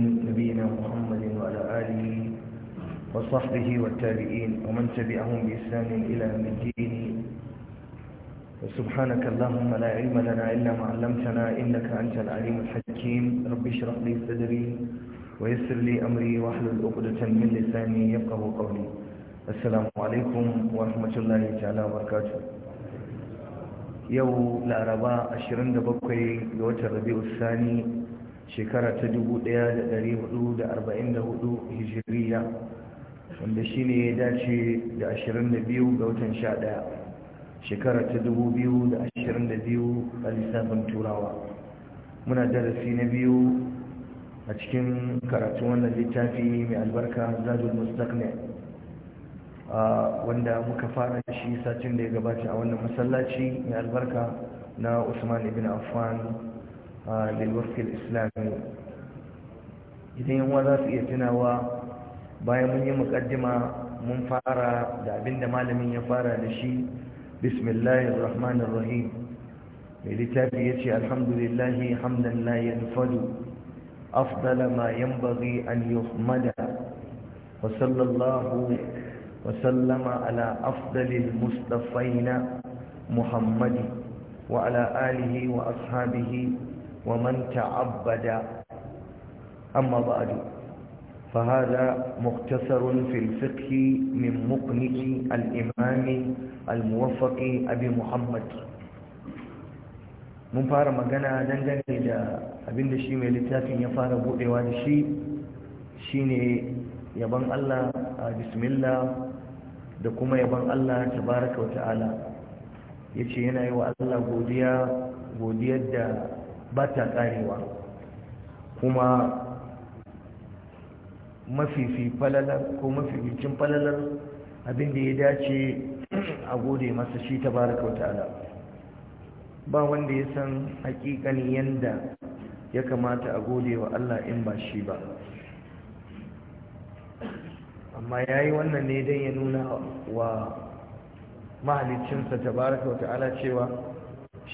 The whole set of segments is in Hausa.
نبينا محمد وعلى آله وصحبه والتابعين ومن تبعهم بإسلام إلى الدين سبحانك اللهم لا علم لنا إلا ما علمتنا إنك أنت العليم الحكيم رب اشرح لي صدري ويسر لي أمري واحلل عقدة من لساني يفقه قولي السلام عليكم ورحمة الله تعالى وبركاته يوم العرباء 27 ga watan Rabiul Sani shekara ta 1444 hijiriya wanda shi ne ya dace da 22 ga watan 11 shekara ta 2022 a lissafin turawa muna darasi na biyu a cikin karatun wannan littafi mai albarka zadul mustaqni wanda muka fara shi satin da ya gabata a wannan masallaci mai albarka na usman ibn affan للوفد الإسلامي idan yanwa za su iya tunawa bayan mun yi mukaddima mun fara da abinda malamin ya fara da shi bismillahir rahmanir rahim mai littafi ya ce alhamdulillahi hamdan la yanfadu afdala ma an yuhmada wa sallallahu wa ala afdalil mustafaina muhammadi wa ala alihi wa ashabihi ومن تعبد أما بعد فهذا مختصر في الفقه من مقنع الإمام الموفق أبي محمد mun fara magana dangane da abinda shi mai littafin ya fara budewa da shi shine yaban Allah a bismillah da kuma yaban Allah tabaraka wa ta'ala yace yana yi wa Allah godiya godiyar da ba ta karewa kuma mafifi falalar ko mafificin falalar abin da ya dace a gode masa shi ta baraka wa ba wanda ya san hakikani yanda ya kamata a gode wa Allah in ba shi ba amma ya yi wannan ne don ya nuna wa mahalicinsa ta baraka wa cewa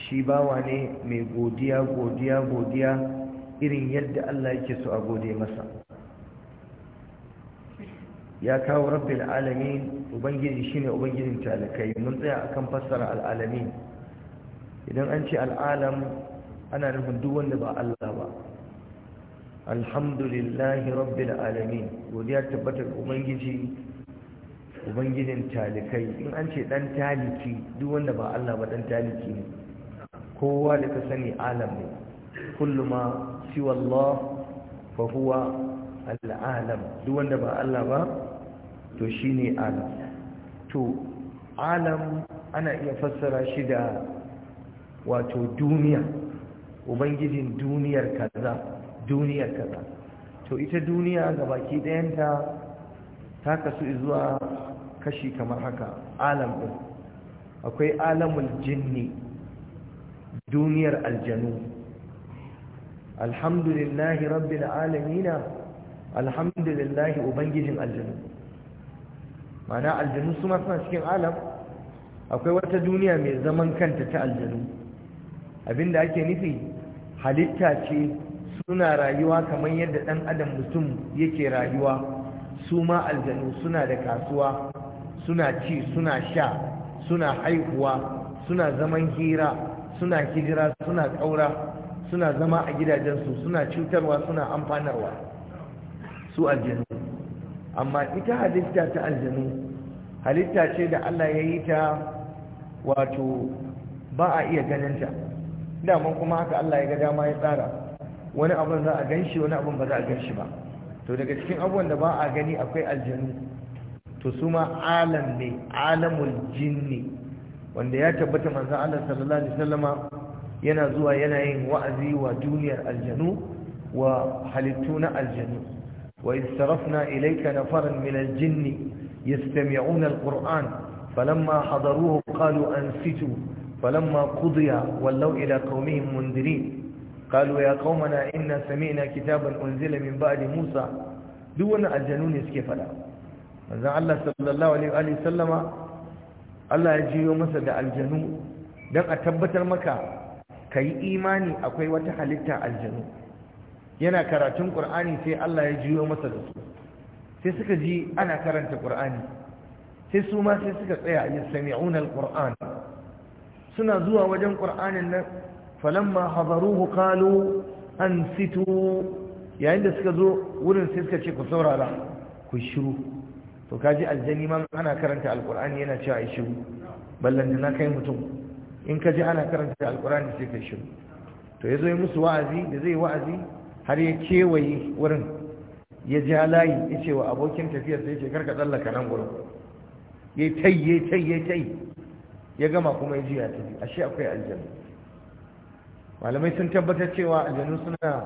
shi bawa ne mai godiya godiya godiya irin yadda Allah yake so a gode masa ya kawo rabbil alamin ubangiji shine ubangijin talakai mun tsaya akan fassara al'alamin idan an ce al'alam ana nufin duk wanda ba Allah ba alhamdulillahi rabbil alamin godiya tabbatar ubangiji ubangijin talakai. in an ce dan taliki duk wanda ba Allah ba dan taliki ne kowa da ta sani alam ne kullu ma siwa Allah fa huwa al duk wanda ba Allah ba to shine alam to alam ana iya fassara shi da wato duniya ubangijin duniyar kaza duniyar kaza to ita duniya ga baki dayanta ta kasu zuwa kashi kamar haka alam din akwai alamul jinni duniyar aljanu alhamdulillahi rabbil alamina alhamdulillahi ubangijin aljanu mana aljanu su suna cikin alam akwai wata duniya mai zaman kanta ta aljanu abinda ake nufi halitta ce suna rayuwa kamar yadda ɗan adam mutum yake rayuwa su ma aljanu suna da kasuwa suna ci suna sha suna haihuwa suna zaman hira suna hijira suna ƙaura suna zama a gidajensu suna cutarwa suna amfanarwa su aljanu amma ita halitta ta aljanu halitta ce da Allah ya yi ta wato ba a iya ganinta daman kuma haka Allah ya ga dama ya tsara wani abin za a gan shi wani abin ba za a gan shi ba to daga cikin abubuwan da ba a gani akwai aljanu to su ma alam ne alamul jinni wanda ya tabbata manzo Allah sallallahu alaihi wasallama yana zuwa yana yin wa'azi wa duniyar aljanu wa halittuna aljanu wa istarafna ilayka nafaran min aljinn yastami'una alquran falamma hadaruhu qalu ansitu falamma qudiya wallaw ila qaumihim mundirin ya قالوا يا قومنا إنا سمعنا كتابا أنزل من بعد موسى دون الجنون سكفلا manzan Allah sallallahu Alaihi wasallama Allah ya jiyo masa da aljanu don a tabbatar maka ka yi imani akwai wata halitta aljanu yana karatun ƙur'ani sai Allah ya jiyo masa da su sai suka ji ana karanta ƙur'ani sai su ma sai suka tsaya ya sami'unar ƙur'an suna zuwa wajen ƙur'anin nan falamma hazaruhu kalu an situ yayin da suka zo wurin sai suka ce ku saurara ku shiru to kaji aljani ma ana karanta alkur'ani yana cewa ai shiru ballan na kai mutum in ka ji ana karanta alkur'ani sai kai shiru to yazo ya musu wa'azi da zai wa'azi har ya kewaye wurin ya ja layi ya ce wa abokin tafiyar sai ya ce karka tsallaka nan gurin ya tai ya tai ya tai ya gama kuma ya ya tafi ashe akwai aljanu malamai sun tabbatar cewa aljanu suna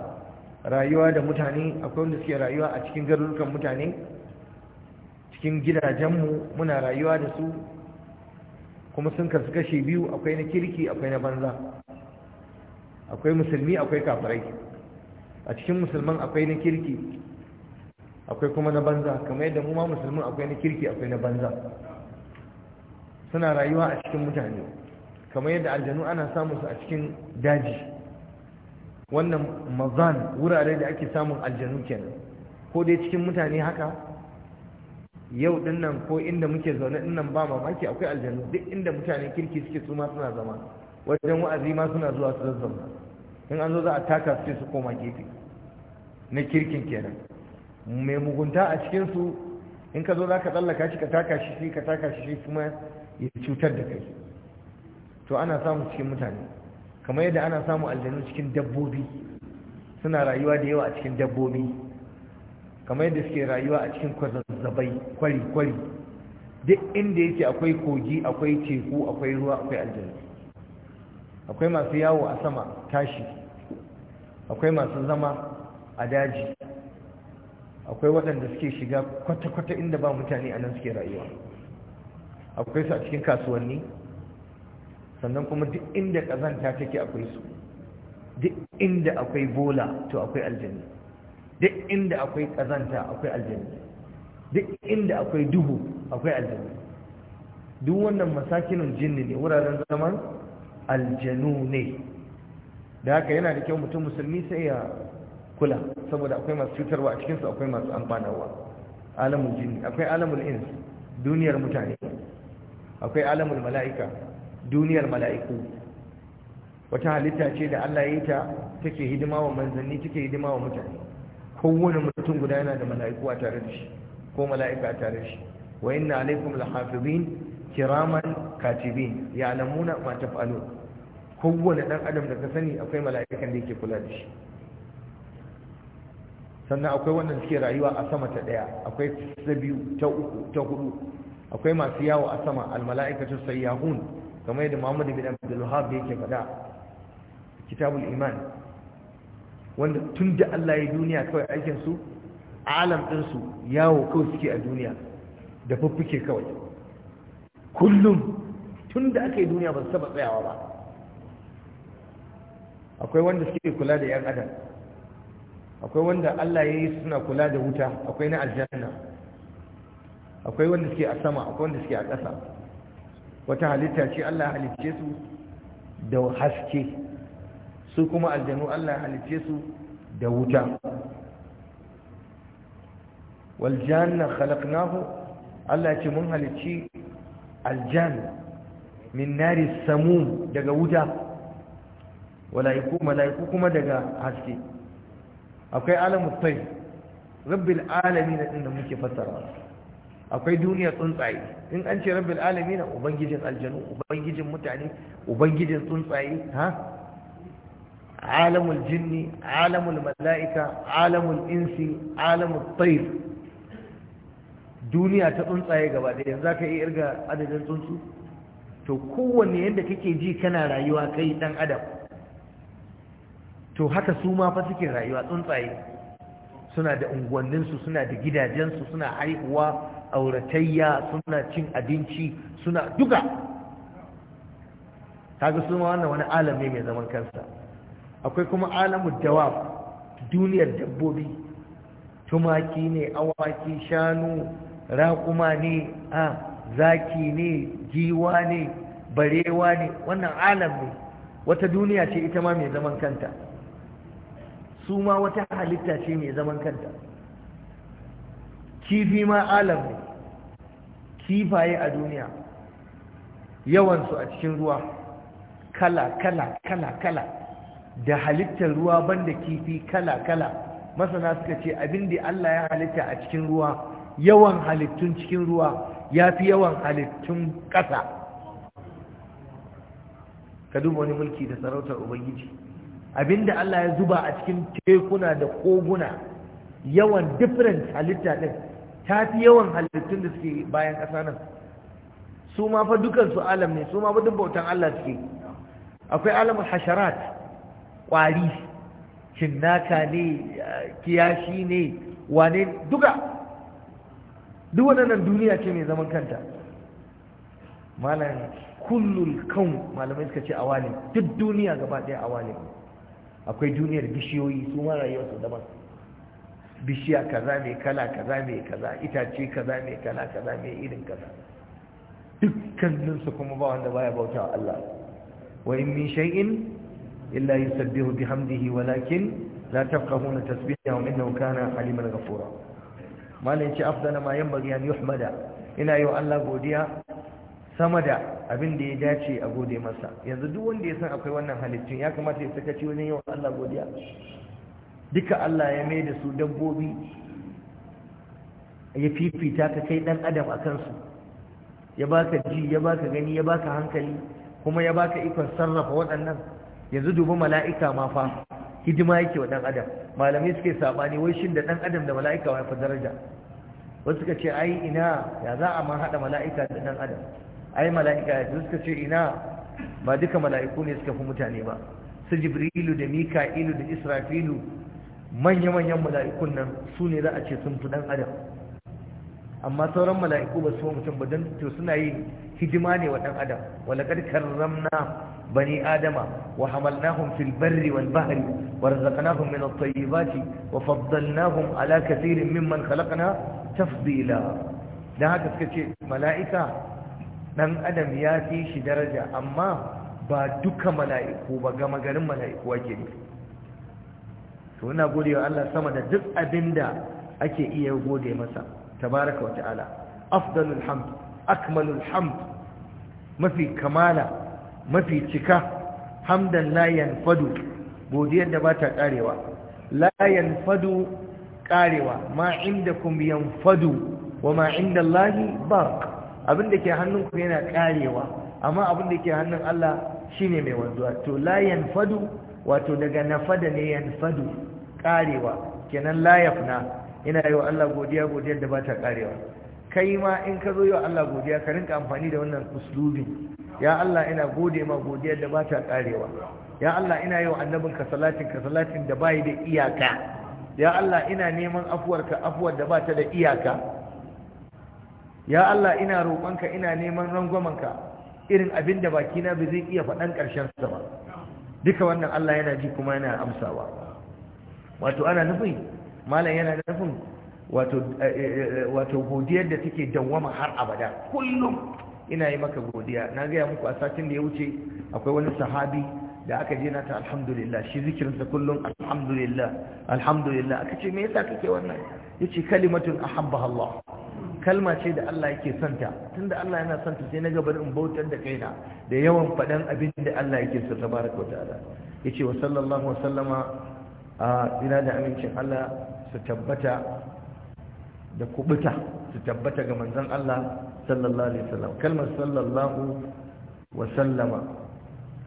rayuwa da mutane akwai wanda suke rayuwa a cikin garurukan mutane cikin gidajenmu muna rayuwa da su kuma sun kasu kashe biyu akwai na kirki akwai na banza akwai musulmi akwai kafirai a cikin musulman akwai na kirki akwai kuma na banza kamar yadda mu ma musulmin akwai na kirki akwai na banza suna rayuwa a cikin mutane kamar yadda aljanu ana samun su a cikin daji wannan mazan wurare da ake samun aljanu kenan ko dai cikin mutane haka yau dinnan ko inda muke zaune dinnan ba mamaki akwai aljanu duk inda mutanen kirki suke su ma suna zama wajen wa'azi ma suna zuwa su zazzama in an zo za a taka su su koma gefe na kirkin kenan mai mugunta a cikin su in ka zo za ka tsallaka shi ka taka shi sai ka taka shi sai kuma ya cutar da kai to ana samu cikin mutane kamar yadda ana samu aljanu cikin dabbobi suna rayuwa da yawa a cikin dabbobi kamar yadda suke rayuwa a cikin kwazazzabai kwari-kwari duk inda yake akwai kogi akwai teku akwai ruwa akwai aljanna akwai masu yawo a sama tashi akwai masu zama a daji akwai waɗanda suke shiga kwata-kwata inda ba mutane a nan suke rayuwa akwai su a cikin kasuwanni sannan kuma duk inda ƙazanta take akwai su duk inda akwai bola to akwai aljanna duk inda akwai kazanta akwai aljanna duk inda akwai duhu akwai aljanna duk wannan masakinun jinni ne wuraren zaman aljanu ne da haka yana da kyau mutum musulmi sai ya kula saboda akwai masu cutarwa a cikinsu akwai masu amfanarwa alamun jinni akwai alamun ins duniyar mutane akwai alamun mala'ika duniyar mala'iku wata halitta ce da Allah ya yi ta take hidima wa manzanni take hidima wa mutane kowane mutum guda yana da mala'iku a tare da shi ko mala'ika a tare da shi wa inna alaikum lahafizin kiraman katibin Ya alamuna ma taf'alu kowane dan adam da ka sani akwai mala'ikan da yake kula da shi sannan akwai wanda suke rayuwa a sama ta daya akwai ta biyu ta uku ta hudu akwai masu yawo a sama almala'ikatu sayyahun kamar yadda Muhammad bin Abdul Wahhab yake faɗa kitabul iman wanda tun da Allah ya duniya kawai aikinsu alam ɗinsu yawo kawai suke a duniya da fuffuke kawai kullum tun da aka yi duniya ba su saba tsayawa ba akwai wanda suke kula da 'yan adam akwai wanda Allah ya yi suna kula da wuta akwai na aljanna akwai wanda suke a sama akwai wanda suke a ƙasa wata halitta ce Allah halicce su da haske su kuma aljanu Allah halice su da wuta wal janna khalaqnahu Allah ce mun halici aljan min nari samu daga wuta walaiku malaiku kuma daga haske akwai alamu rabbil alamin din da muke fassara akwai duniya tsuntsaye in an ce rabbil alamin ubangijin aljanu ubangijin mutane ubangijin tsuntsaye ha عالم الجن عالم الملائكة عالم الإنس عالم الطير duniya ta tsuntsaye gaba da yanzu ka iya irga adadin tsuntsu to kowanne yadda kake ji kana rayuwa kai dan adam to haka su ma fa suke rayuwa tsuntsaye suna da unguwanninsu suna da gidajensu suna haihuwa auratayya suna cin abinci suna duka kaga su ma wannan wani alam ne mai zaman kansa akwai kuma alamu dawab duniyar dabbobi tumaki ne awaki shanu raƙuma ne a zaki ne giwa ne barewa ne wannan alam ne wata duniya ce ita ma mai zaman kanta su ma wata halitta ce mai zaman kanta kifi ma alam ne kifaye a duniya yawansu a cikin ruwa kala kala kala kala da halittar ruwa banda kifi kala-kala masana suka ce abin da Allah ya halitta a cikin ruwa yawan halittun cikin ruwa ya fi yawan halittun ƙasa ka duba wani mulki da sarautar ubangiji abin da Allah ya zuba a cikin tekuna da koguna yawan different halitta ɗin ta fi yawan halittun da suke bayan ƙasa nan su ma fa dukansu alam ne su ma fa duk bautan Allah suke akwai alamul hasharat ƙwari cinnaka ne kiyashi ne wane duka duk waɗannan duniya ce mai zaman kanta malam kullul kan malamai suka ce awali duk duniya gaba ɗaya awali akwai duniyar bishiyoyi su ma su daban bishiya kaza mai kala kaza mai kaza itace kaza mai kala kaza mai irin kaza dukkaninsu kuma ba wanda baya bauta wa Allah wa in min shay'in إلا يسبه بحمده ولكن لا تفقهون تسبيحهم إنه كان حليما غفورا ما لنشي أفضل ما ينبغي أن يحمد إنا يؤلى قوديا سمدا abin da ya dace a gode masa yanzu duk wanda ya san akwai wannan halittun ya kamata ya sakaci wajen yawan Allah godiya duka Allah ya mai da su dabbobi ya fifita ka kai ɗan adam a kansu ya baka ji ya baka gani ya baka hankali kuma ya baka ikon sarrafa waɗannan yanzu dubi mala'ika ma fa hidima yake wa dan adam malamai suke sabani wai shin da dan adam da mala'ika wa fa daraja wasu suka ce ai ina ya za a ma hada mala'ika da dan adam ai mala'ika ya suka ce ina ba duka mala'iku ne suka fi mutane ba su jibrilu da mika'ilu da israfilu manya-manyan mala'ikun nan su ne za a ce sun fi dan adam amma sauran mala'iku ba su mutum ba don to suna yin hidima ne wa ɗan adam walaqad karramna bani adama wa hamalnahum fil barri wal bahri wa razaqnahum min at-tayyibati wa faddalnahum ala kathirin mimman khalaqna tafdila dan haka suka ce mala'ika dan adam ya fi shi daraja amma ba duka mala'iku ba gama garin mala'iku ake ne to ina gode wa Allah sama da duk abinda ake iya gode masa tabaraka wa ta'ala afdalul hamd mafi kamala mafi cika hamdan la yanfadu godiyar da bata karewa la yanfadu karewa ma indakum yanfadu wa ma indallahi baq abinda ke hannunku yana karewa amma abinda ke hannun Allah shine mai wanzuwa Wato la yanfadu wato daga nafada ne yanfadu karewa kenan la yafna ina yi wa Allah godiya godiyar da ba ta karewa kai ma in ka zo yi wa Allah godiya ka rinka amfani da wannan uslubin ya Allah ina gode ma godiyar da ba ta karewa ya Allah ina yi wa annabin ka salatin ka salatin da bai da iyaka ya Allah ina neman afuwar ka afuwar da ba ta da iyaka ya Allah ina roƙonka ina neman rangwamanka irin abin da bakina ba zai iya faɗan ƙarshen sa ba duka wannan Allah yana ji kuma yana amsawa wato ana nufi malam yana da nufin eh, eh, eh, wato godiyar da take dawwama har abada kullum ina yi maka godiya na gaya muku a satin da ya wuce akwai wani sahabi da aka je nata alhamdulillah shi zikirinsa kullum alhamdulillah alhamdulillah aka ce me yasa kake wannan yace kalimatun ahabbaha Allah kalma ce da Allah yake santa tunda Allah yana santa sai na gaba in bautar da kaina da yawan fadan abin da Allah yake so tabaraka wa ta'ala yace wa sallallahu wa sallama a ina da amincin Allah su tabbata da kubuta su tabbata ga manzon Allah sallallahu alaihi wasallam kalmar sallallahu wa sallama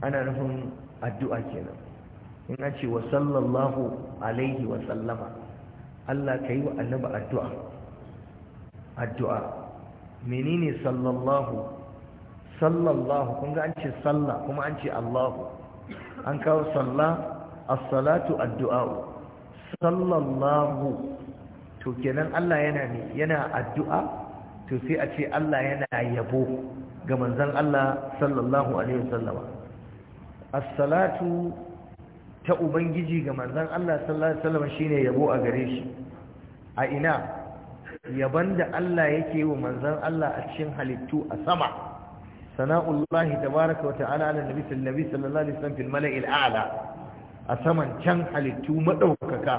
ana nufin addu'a kenan in an ce wa sallallahu alaihi wa sallama Allah kai wa annabi addu'a addu'a menene sallallahu sallallahu kun ga an ce sallah kuma an ce Allahu an kawo salla. as-salatu addu'a sallallahu to kenan Allah yana ne yana addu'a to sai a ce Allah yana yabo ga manzon Allah sallallahu alaihi wasallama as-salatu ta ubangiji ga manzon Allah sallallahu alaihi wasallama shine yabo a gare shi a ina yaban da Allah yake wa manzon Allah a cikin halittu a sama sana'ullahi tabaaraka wa ta'ala ala nabi sallallahu alaihi wasallam fil mala'il a'la a saman can halittu maɗaukaka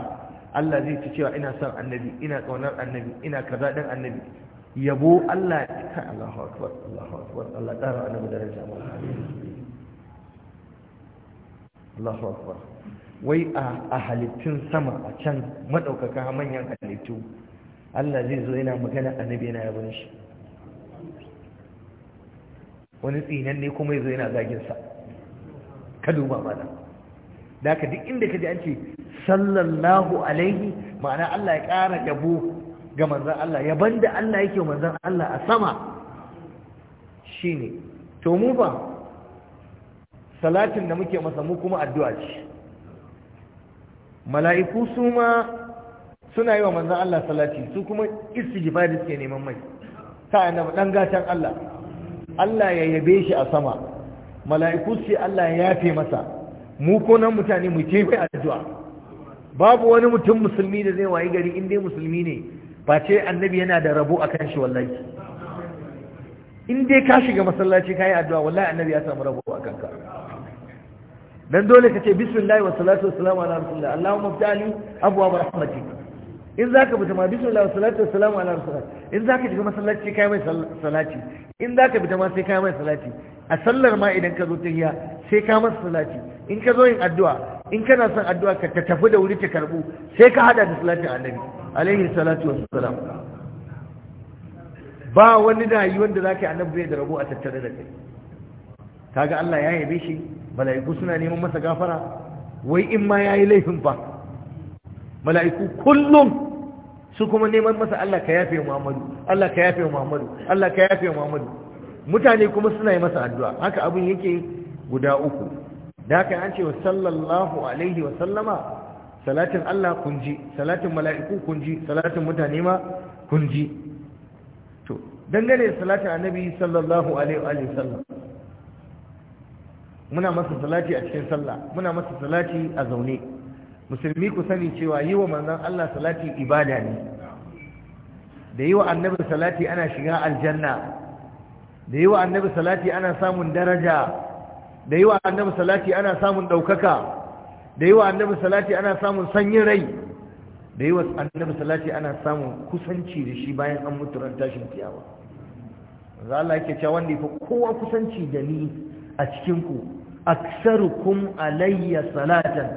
Allah zai ci cewa ina son annabi ina ƙaunar annabi ina kaza ɗin annabi yabo Allah ka Allahu akbar Allahu akbar Allah ƙara annabi da rajama Allahu akbar wai a halittun sama a can maɗaukaka manyan halittu Allah zai zo yana magana annabi yana yabon shi wani tsinan ne kuma ya zo yana zagin sa ka duba mana da duk inda ka ji an ce sallallahu alaihi ma'ana Allah ya ƙara yabo ga manzan Allah yaban da Allah yake manzan Allah a sama shine to mu ba salatin da muke masa mu kuma addu'a ce mala'iku su ma suna yi wa manzan Allah salati su kuma istighfari suke neman mai ta ba dan gatan Allah Allah ya yabe shi a sama mala'iku su Allah ya yafe masa mu ko nan mutane mu ce mai addu'a babu wani mutum musulmi da zai wayi gari inda musulmi ne ba ce annabi yana da rabo kan shi wallahi in dai ka shiga masallaci ka yi addu'a wallahi annabi ya samu rabo a kanka dan dole ka ce bismillah wa salatu wa salamu ala rasulillah allahumma ftali abwa wa rahmatik in zaka fita ma bismillah wa salatu wa salamu ala rasulillah in zaka shiga masallaci kai mai salati in zaka fita ma sai kai mai salati a sallar ma idan ka zo tahiya sai ka masa salati in ka zo yin addu'a in kana son addu'a ka ta tafi da wuri ta karbu sai ka hada da salatin annabi alaihi salatu wassalam ba wani na yi wanda zaka yi annabi da rabu a tattare da kai kaga Allah ya yabe shi mala'iku suna neman masa gafara wai in ma yayi laifin ba? mala'iku kullum su kuma neman masa Allah ka yafe Muhammadu Allah ka yafe Muhammadu Allah ka yafe Muhammadu mutane kuma suna yi masa addu'a haka abin yake guda uku da yi an ce wa sallallahu alaihi wa sallama salatin Allah kun ji salatin mala'iku kun ji salatin mutane ma kun ji to dangane da salatin annabi sallallahu alaihi wa sallam muna masa salati a cikin sallah muna masa salati a zaune musulmi ku sani cewa yi wa manzon Allah salati ibada ne da yi wa annabi salati ana shiga aljanna da yi wa annabi salati ana samun daraja da yi wa annabi salati ana samun ɗaukaka da yi wa annabi salati ana samun sanyin rai da yi wa annabi salati ana samun kusanci da shi bayan an mutu ran tashin kiyawa za Allah yake cewa wanda yafi kowa kusanci da ni a cikin ku aksarukum alayya salatan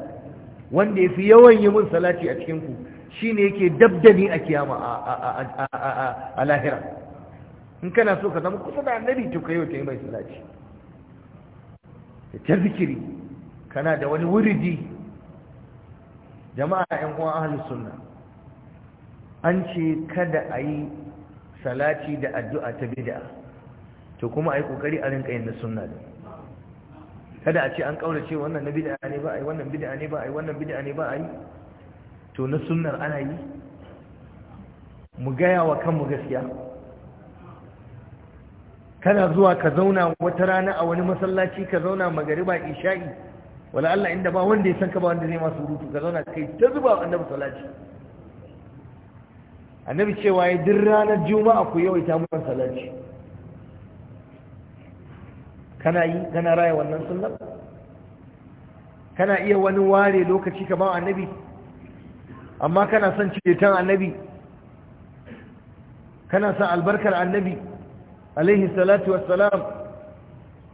wanda yafi yawan yi mun salati a cikin ku shine yake dabdani a kiyama a lahira in kana so ka zama kusa da annabi to kai yau kai mai salati ta zikiri kana da wani wuridi jama'a yan uwan ahlus sunna an ce kada a yi salati da addu'a ta bid'a to kuma a yi kokari a rinka yin na sunna da kada a ce an ce wannan na bid'a ne ba a yi wannan bid'a ne ba a yi wannan bid'a ne ba a yi to na sunnar ana yi mu gaya wa kanmu gaskiya kana zuwa ka zauna wata rana a wani masallaci ka zauna magariba isha'i wala Allah inda ba wanda ya san ka ba wanda zai masu surutu ka zauna kai ta zuba wa annabi salati annabi cewa ya duk ranar juma'a ku yawaita mun salati kana yi kana raya wannan sunnah kana iya wani ware lokaci ka ba annabi amma kana son tan annabi kana son albarkar annabi عليه الصلاة والسلام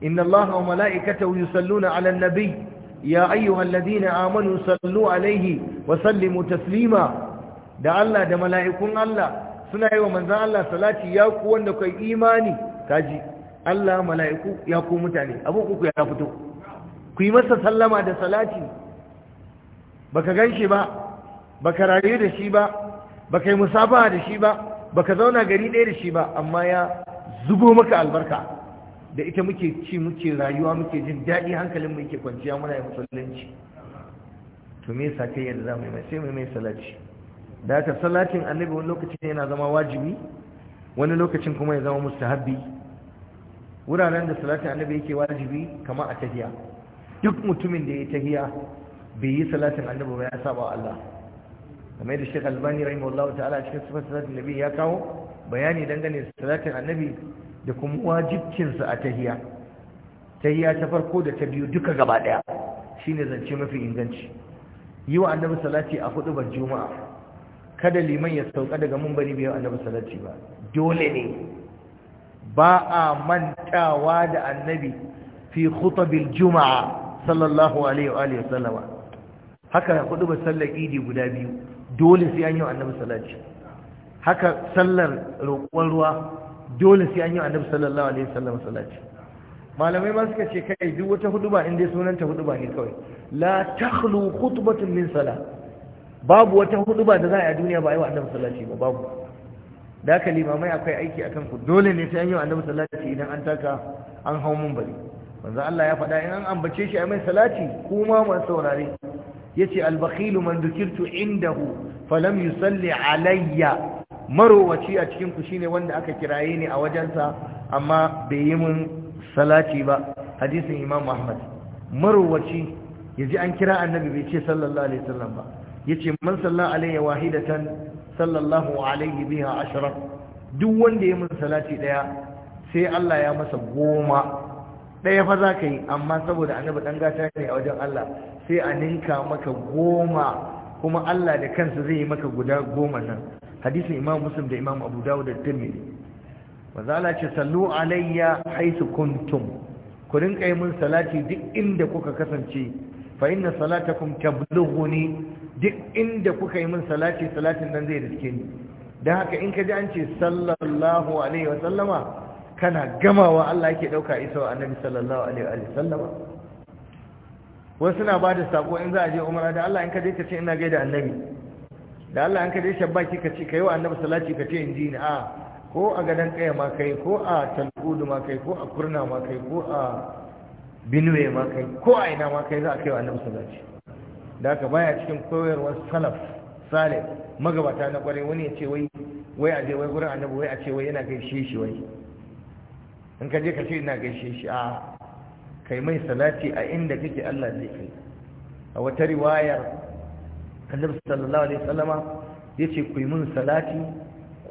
إن الله وملائكته يصلون على النبي يا أيها الذين آمنوا صلوا عليه وسلموا تسليما da Allah da mala'ikun Allah suna yi wa manzan Allah salati ya ku wanda kai imani kaji Allah mala'iku ya ku mutane abin uku ya fito ku yi masa sallama da salati baka gan shi ba baka rayu da shi ba baka yi musabaha da shi ba baka zauna gari ɗaya da shi ba amma ya zubo maka albarka da ita muke ci muke rayuwa muke jin daɗi hankalin mu yake kwanciya muna yi musulunci to me yasa kai yadda zamu yi mai sai mu mai salati da ta salatin annabi wani lokacin yana zama wajibi wani lokacin kuma ya zama mustahabbi wuraren da salatin annabi yake wajibi kama a tahiya duk mutumin da ya tahiya bai yi salatin annabi ba ya saba Allah kamar da Sheikh Albani rahimahullahu ta'ala cikin sifar salatin nabi ya kawo bayani dangane da salatin annabi da kuma wajibcinsa a tahiya tahiya ta farko da ta biyu duka gaba daya shine zance mafi inganci yi wa annabi salati a hudu bar juma'a kada liman ya sauka daga munbari bai annabi salati ba dole ne ba a mantawa da annabi fi khutabil juma'a sallallahu alaihi wa alihi wasallama haka hudu ba sallar idi guda biyu dole sai an yi wa annabi salati haka sallar roƙon ruwa dole sai an yi annabi sallallahu alaihi wasallam salati malamai ma suka ce kai duk wata huduba in dai sunanta huduba ne kawai la takhlu khutbatun min sala babu wata huduba da za a yi a duniya ba a yi wa annabi salati ba babu da haka limamai akwai aiki akan ku dole ne sai an yi wa annabi salati idan an taka an hau mun bari manzo Allah ya faɗa in an ambace shi a mai salati kuma mu saurare yace al-bakhilu man dhukirtu indahu falam yusalli alayya marowaci a cikin ku shine wanda aka kiraye ni a wajensa amma bai yi mun salati ba hadisin imam ahmad marowaci yaji an kira annabi bai ce sallallahu alaihi wasallam ba yace man sallallahu alaihi wahidatan sallallahu alaihi biha ashirar. duk wanda ya mun salati daya sai Allah ya masa goma Ɗaya fa zaka yi amma saboda annabi ɗan gata ne a wajen Allah sai a ninka maka goma kuma Allah da kansa zai yi maka guda goma nan hadisin imam muslim da imam abu dawud da tirmidhi wazala ce sallu alayya haythu kuntum ku rinka yi salati duk inda kuka kasance fa inna salatakum tablughuni duk inda kuka yi min salati salatin nan zai riske ni dan haka in ka ji an ce sallallahu alaihi wa sallama kana gamawa Allah yake dauka isa wa annabi sallallahu alaihi wa sallama wasu na bada sako in za a je umara da Allah in ka je ka ce ina gaida annabi da Allah an kaje je shabbaki ka ce ka yi wa annabi salati ka ce inji ni a ko a gadon kai ma kai ko a talqudu ma kai ko a kurna ma kai ko a binwe ma kai ko a ina ma kai za a kai wa annabi salati da haka baya cikin koyarwar salaf salih magabata na kware wani ya ce wai wai a je wai gurin annabi wai a ce wai yana gaishe shi wai in ka je ka ce ina gaishe shi a kai mai salati a inda kake Allah zai kai a wata riwayar annabi sallallahu alaihi wasallama yace ku yi mun salati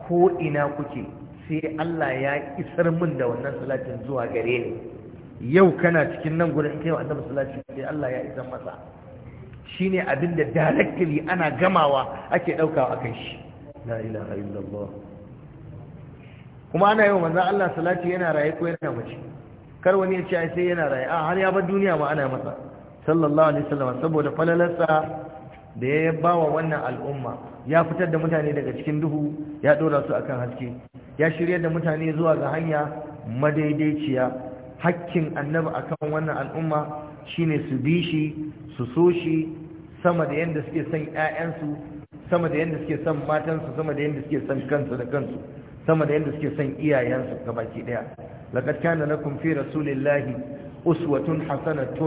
ko ina kuke sai Allah ya isar min da wannan salatin zuwa gare ni yau kana cikin nan gurin kai annabi salati sai Allah ya isar masa shine abin da directly ana gamawa ake daukawa akan shi la ilaha illallah kuma ana yau manzo Allah salati yana raye ko yana mace kar wani ya ce sai yana raye a har ya bar duniya ma ana masa sallallahu alaihi wasallam saboda falalarsa da ya yabba wa wannan al'umma ya fitar da mutane daga cikin duhu ya ɗora su akan haske ya shirya da mutane zuwa ga hanya madaidaiciya hakkin annabi akan wannan al'umma shine su bi shi su so shi sama da yadda suke son 'ya'yansu sama da yadda suke son matansu sama da yadda suke son kansu da kansu sama da yadda suke son iyayensu gabaki daya laqad kana lakum fi rasulillahi أسوة حسنة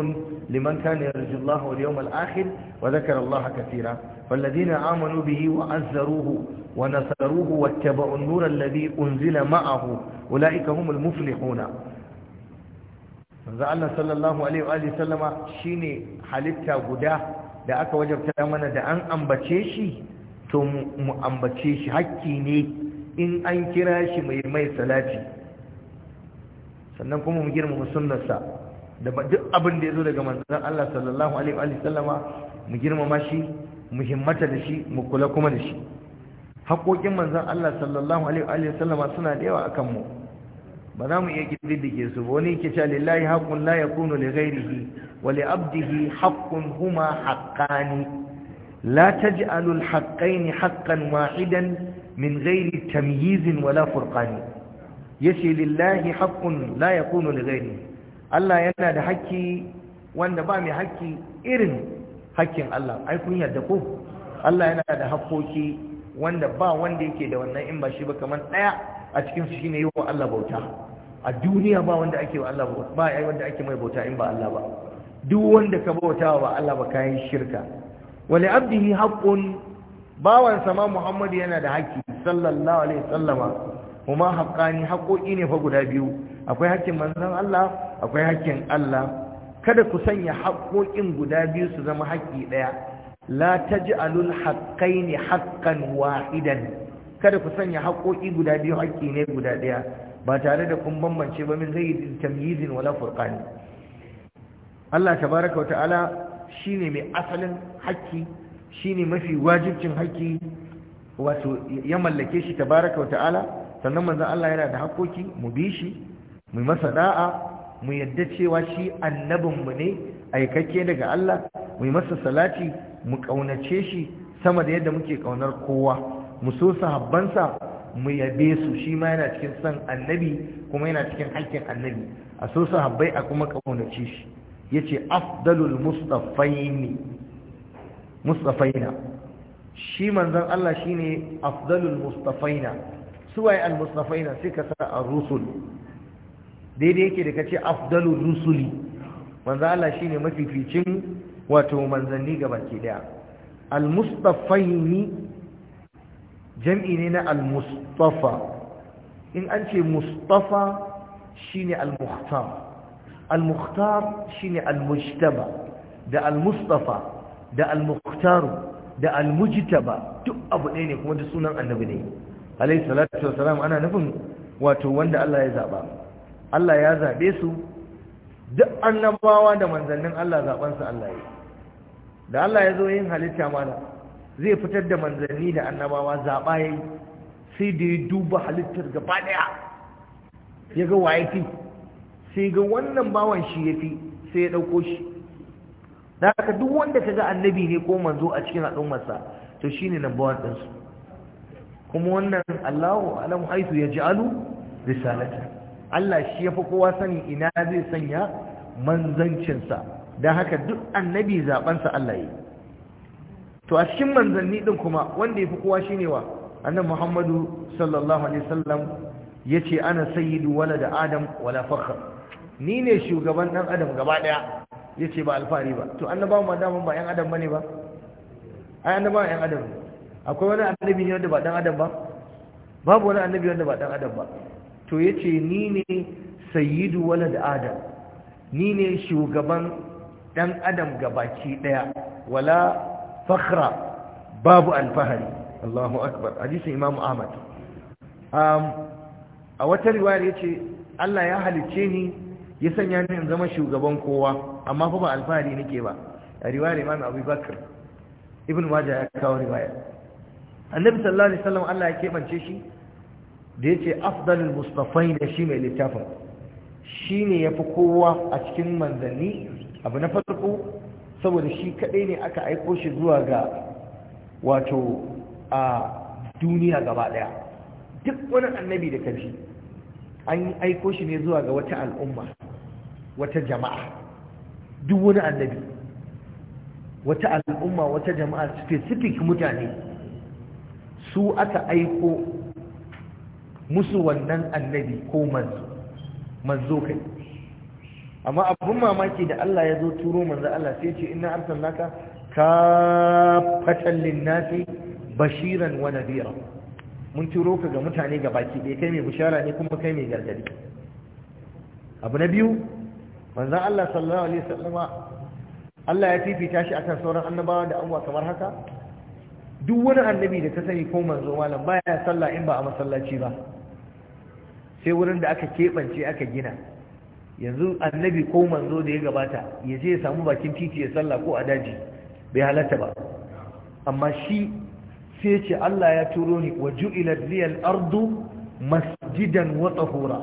لمن كان يرجو الله واليوم الآخر وذكر الله كثيرا فالذين آمنوا به وعزروه ونصروه واتبعوا النور الذي أنزل معه أولئك هم المفلحون Allah sallallahu alaihi wa sallama shine halitta guda da aka wajabta mana da an ambace shi to mu ambace shi hakki ne in an kira shi mai mai salati sannan kuma mu girmama sunnarsa da duk abin da ya zo daga manzan Allah sallallahu alaihi wa mu girmama shi mu himmata da shi mu kula kuma da shi haƙoƙin manzan Allah sallallahu alaihi wa suna da yawa a mu ba za mu iya kididdige su ba wani yake cewa lillahi haqqun la yakunu li ghairihi wa abdihi haqqun huma haqqani la taj'alu al haqqayn haqqan wahidan min gairi tamyiz wala Ya yace lillahi haƙun la yakunu li Allah yana da haƙƙi wanda ba mai haƙƙi irin haƙƙin Allah ai kun yarda ko Allah yana da haƙƙoƙi wanda ba wanda yake da wannan in ba shi ba kamar ɗaya a cikin su shine yi wa Allah bauta a duniya ba wanda ake wa Allah ba ai wanda ake mai bauta in ba Allah ba duk wanda ka bauta ba Allah ba kayan shirka wa li abdihi haqqun bawan sama Muhammad yana da haƙƙi sallallahu alaihi wasallama kuma haƙƙani haƙoƙi ne fa guda biyu akwai hakkin manzon Allah akwai hakkin Allah kada ku sanya haƙoƙin guda biyu su zama haƙƙi ɗaya la taj'alul haqqaini haqqan wahidan kada ku sanya haƙoƙi guda biyu haƙƙi ne guda ɗaya ba tare da kun bambance ba min zai tamyizin wala furqan Allah tabaraka wa ta'ala shine mai asalin haƙƙi shine mafi wajibcin haƙƙi wato ya mallake shi tabaraka wata'ala sannan manzon Allah yana da haƙoƙi mu bi shi mu masa da'a mu yadda cewa shi annabinmu ne aikakke daga Allah mu masa salati mu kaunace shi sama da yadda muke kaunar kowa mu so sahabbansa mu yabe su shi ma yana cikin san annabi kuma yana cikin hakkin annabi a so sahabbai a kuma kaunace shi yace afdalul mustafaini mustafaina shi manzon Allah shine afdalul mustafaina suwaye al mustafaina sai ka sa ar-rusul daidai yake da kace afdalu rusuli manzo Allah shine mafificin wato manzanni gabaki daya al jam'i ne na AlMustafa. in an ce mustafa shine al-mukhtar shine AlMujtaba, da AlMustafa da al da almujtaba duk abu ɗaya ne kuma da sunan annabi ne alayhi salatu wasalam ana nufin wato wanda Allah ya zaba Allah ya zaɓe su duk annabawa da manzannin Allah zaɓensu Allah ya da Allah ya zo yin halitta mana zai fitar da manzanni da annabawa zaɓa ya yi sai da ya duba halittar gaba daya ya ga waye fi sai ga wannan bawan shi ya fi sai ya ɗauko shi da haka duk wanda ka ga annabi ne ko manzo a cikin al'ummarsa to shi ne nambawan ɗinsu kuma wannan Allahu alam haitu ya ji alu risalatar Allah shi ya fi kowa sani ina zai sanya manzancinsa don haka duk annabi zaɓensa Allah yi to a cikin manzanni ɗin kuma wanda ya fi kowa shi ne wa annan muhammadu sallallahu alaihi sallam ya ce ana sayidu wala da adam wala fakha ni ne shugaban ɗan adam gaba ɗaya ya ce ba alfahari ba to annabawa ma daman ba 'yan adam ba ne ba ai annabawa 'yan adam akwai wani annabi ne wanda ba ɗan adam ba babu wani annabi wanda ba ɗan adam ba to ya ce ni ne sayyidu walad adam ni ne shugaban ɗan adam gabaki ɗaya wala fakhra babu alfahari Allahu akbar hadisi Imam Ahmad um, a wata riwaya yace Allah ya halice ni ya sanya ni in zama shugaban kowa amma fa ba alfahari nake ba a riwayar Imam Abu Bakr Ibn Majah ya kawo riwaya Annabi sallallahu alaihi wasallam Allah ya kebance shi da yake afdalul mustafai ne shi mai littafin shi ne ya fi kowa a cikin manzanni abu na farko saboda shi kadai ne aka aiko shi zuwa ga wato a duniya gaba daya duk wani annabi da kaji an yi aiko shi ne zuwa ga wata al'umma wata jama'a duk wani annabi wata al'umma wata jama'a specific mutane su aka aiko musu wannan annabi ko manzo manzo kai amma abun mamaki da Allah ya zo turo manzo Allah sai ce inna arsalnaka kafatan linnasi bashiran wa nadira mun turo ka ga mutane ga baki ɗaya kai mai bishara ne kuma kai mai gargadi abu na biyu manzon Allah sallallahu alaihi wasallama Allah ya fifita shi akan sauran annabawa da abuwa kamar haka duk wani annabi da ta sani ko manzo malam baya sallah in ba a masallaci ba sai wurin da aka keɓance aka gina yanzu annabi ko manzo da ya gabata ya je ya samu bakin titi ya sallah ko a daji bai halatta ba amma shi sai ce Allah ya turo ni wa ju'ilat liyal ardu masjidan wa tahura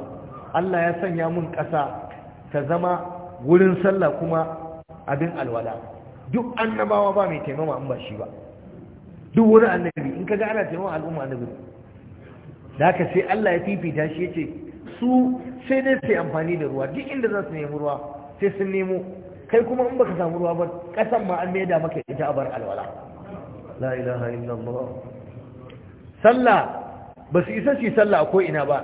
Allah ya sanya mun ƙasa ta zama wurin sallah kuma abin alwala duk annabawa ba mai taimama an ba shi ba duk wani annabi in ga ana taimakon al'umma annabi da haka sai Allah ya fifita shi ya ce su sai dai sai amfani da ruwa duk inda za su nemi ruwa sai sun nemo kai kuma in baka samu ruwa ba kasan ma an maida maka ita abar alwala la ilaha illallah sallah ba su isa su sallah a ko ina ba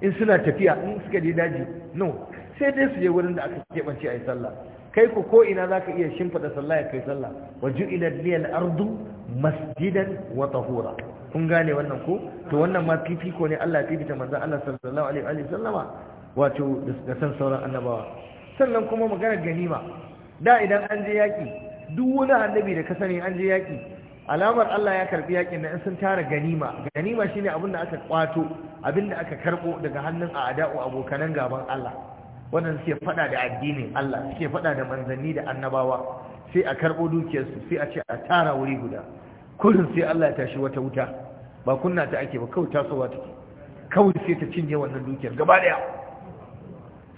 in suna tafiya in suka je daji no sai dai su je wurin da aka keɓance a yi sallah kai ku ko ina zaka iya shimfida sallah ya kai sallah wa ju'ilat liyal ardu masjidan wata tahura kun gane wannan ko to wannan ma fifiko ne Allah ya fifita manzon Allah sallallahu alaihi wa sallama wato da san sauran annabawa sannan kuma maganar ganima da idan an je yaki duk wani annabi da ka sani an je yaki alamar Allah ya yaƙin yakin nan sun tara ganima ganima shine abin da aka kwato abin da aka karɓo daga hannun a'da'u abokanan gaban Allah wannan suke fada da addinin Allah suke fada da manzanni da annabawa sai a karbo dukiyarsu sai a ce a tara wuri guda kullum sai Allah ya tashi wata wuta ba kunna ta ake ba kawai tasowa take kawai sai ta cinye wannan dukiyar gaba daya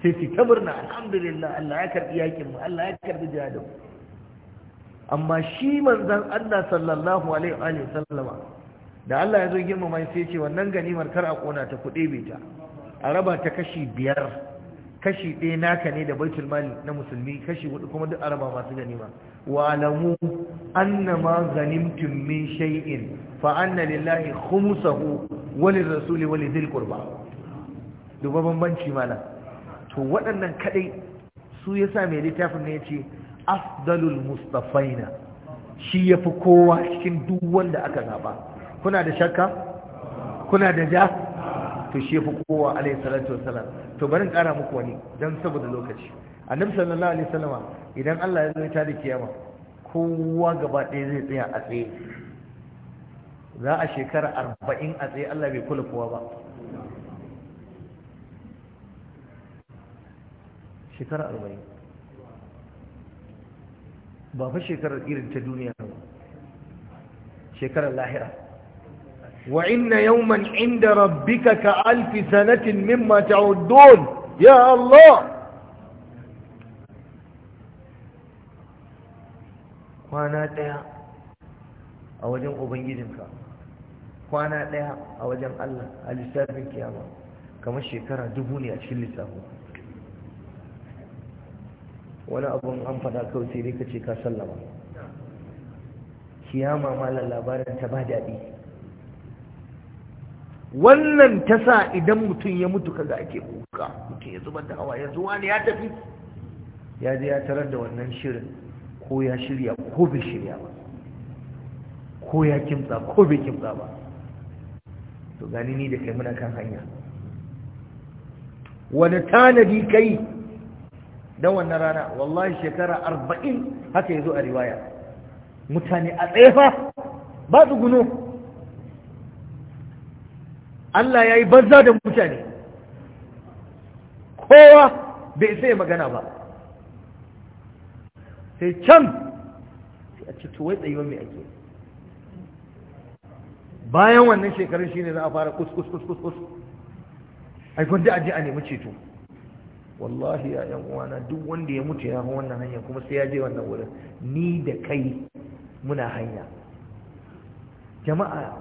sai su ta murna alhamdulillah Allah ya karbi yakin mu Allah ya karbi jihadin amma shi manzon Allah sallallahu alaihi wa sallama da Allah ya zo girmama sai ce wannan ganimar kar a kona ta kuɗe bai ta a raba ta kashi biyar kashi ɗaya naka ne da baitul mali na musulmi kashi hudu kuma duk araba masu ganima wa alamu annama ghanimtum min shay'in fa anna lillahi khumsahu wa lirrasuli wa lidhil qurba duba bambanci mana to waɗannan kadai su yasa mai littafin ne yace afdalul mustafaina shi yafi kowa cikin duk wanda aka zaba kuna da shakka kuna da ja to shi yafi kowa alayhi salatu wassalam to barin kara muku wani don saboda lokaci annabi sallallahu alaihi wasallama idan Allah ya zo ta da kiyama kowa gaba ɗaya zai tsaya a tsaye za a shekara arba'in a tsaye Allah bai kula kowa ba shekara arba'in ba fa shekarar irin ta duniya ba shekarar lahira وإن يوما عند ربك كألف سنة مما تعدون يا Allah! kwana ɗaya a wajen ubangijinka kwana ɗaya a wajen Allah a lissafin kiyama kamar shekara dubu ne a cikin lissafin wani abun an faɗa kawai sai dai ka ce ka sallama kiyama malar labarin ta ba daɗi wannan ta sa idan mutum ya mutu kaga ake kuka mutum ya zubar da hawa zuwa ne ya tafi ya je ya tarar da wannan shirin ko ya shirya ko bai shirya ba ko ya kimtsa ko bai kimtsa ba to gani ni da kai muna kan hanya wani tanadi kai don wannan rana wallahi shekara arba'in haka ya zo a riwaya mutane a tsefa ba tsuguno Allah ya yi banza da mutane kowa bai ya magana ba sai can a ce tsayuwar mai ake bayan wannan shekarun shine za a fara kuskus kuskus kus aikon da aji a nemi ceto wallahi ya yan uwana duk wanda ya mutu ya hau wannan hanya kuma sai ya je wannan wurin ni da kai muna hanya jama'a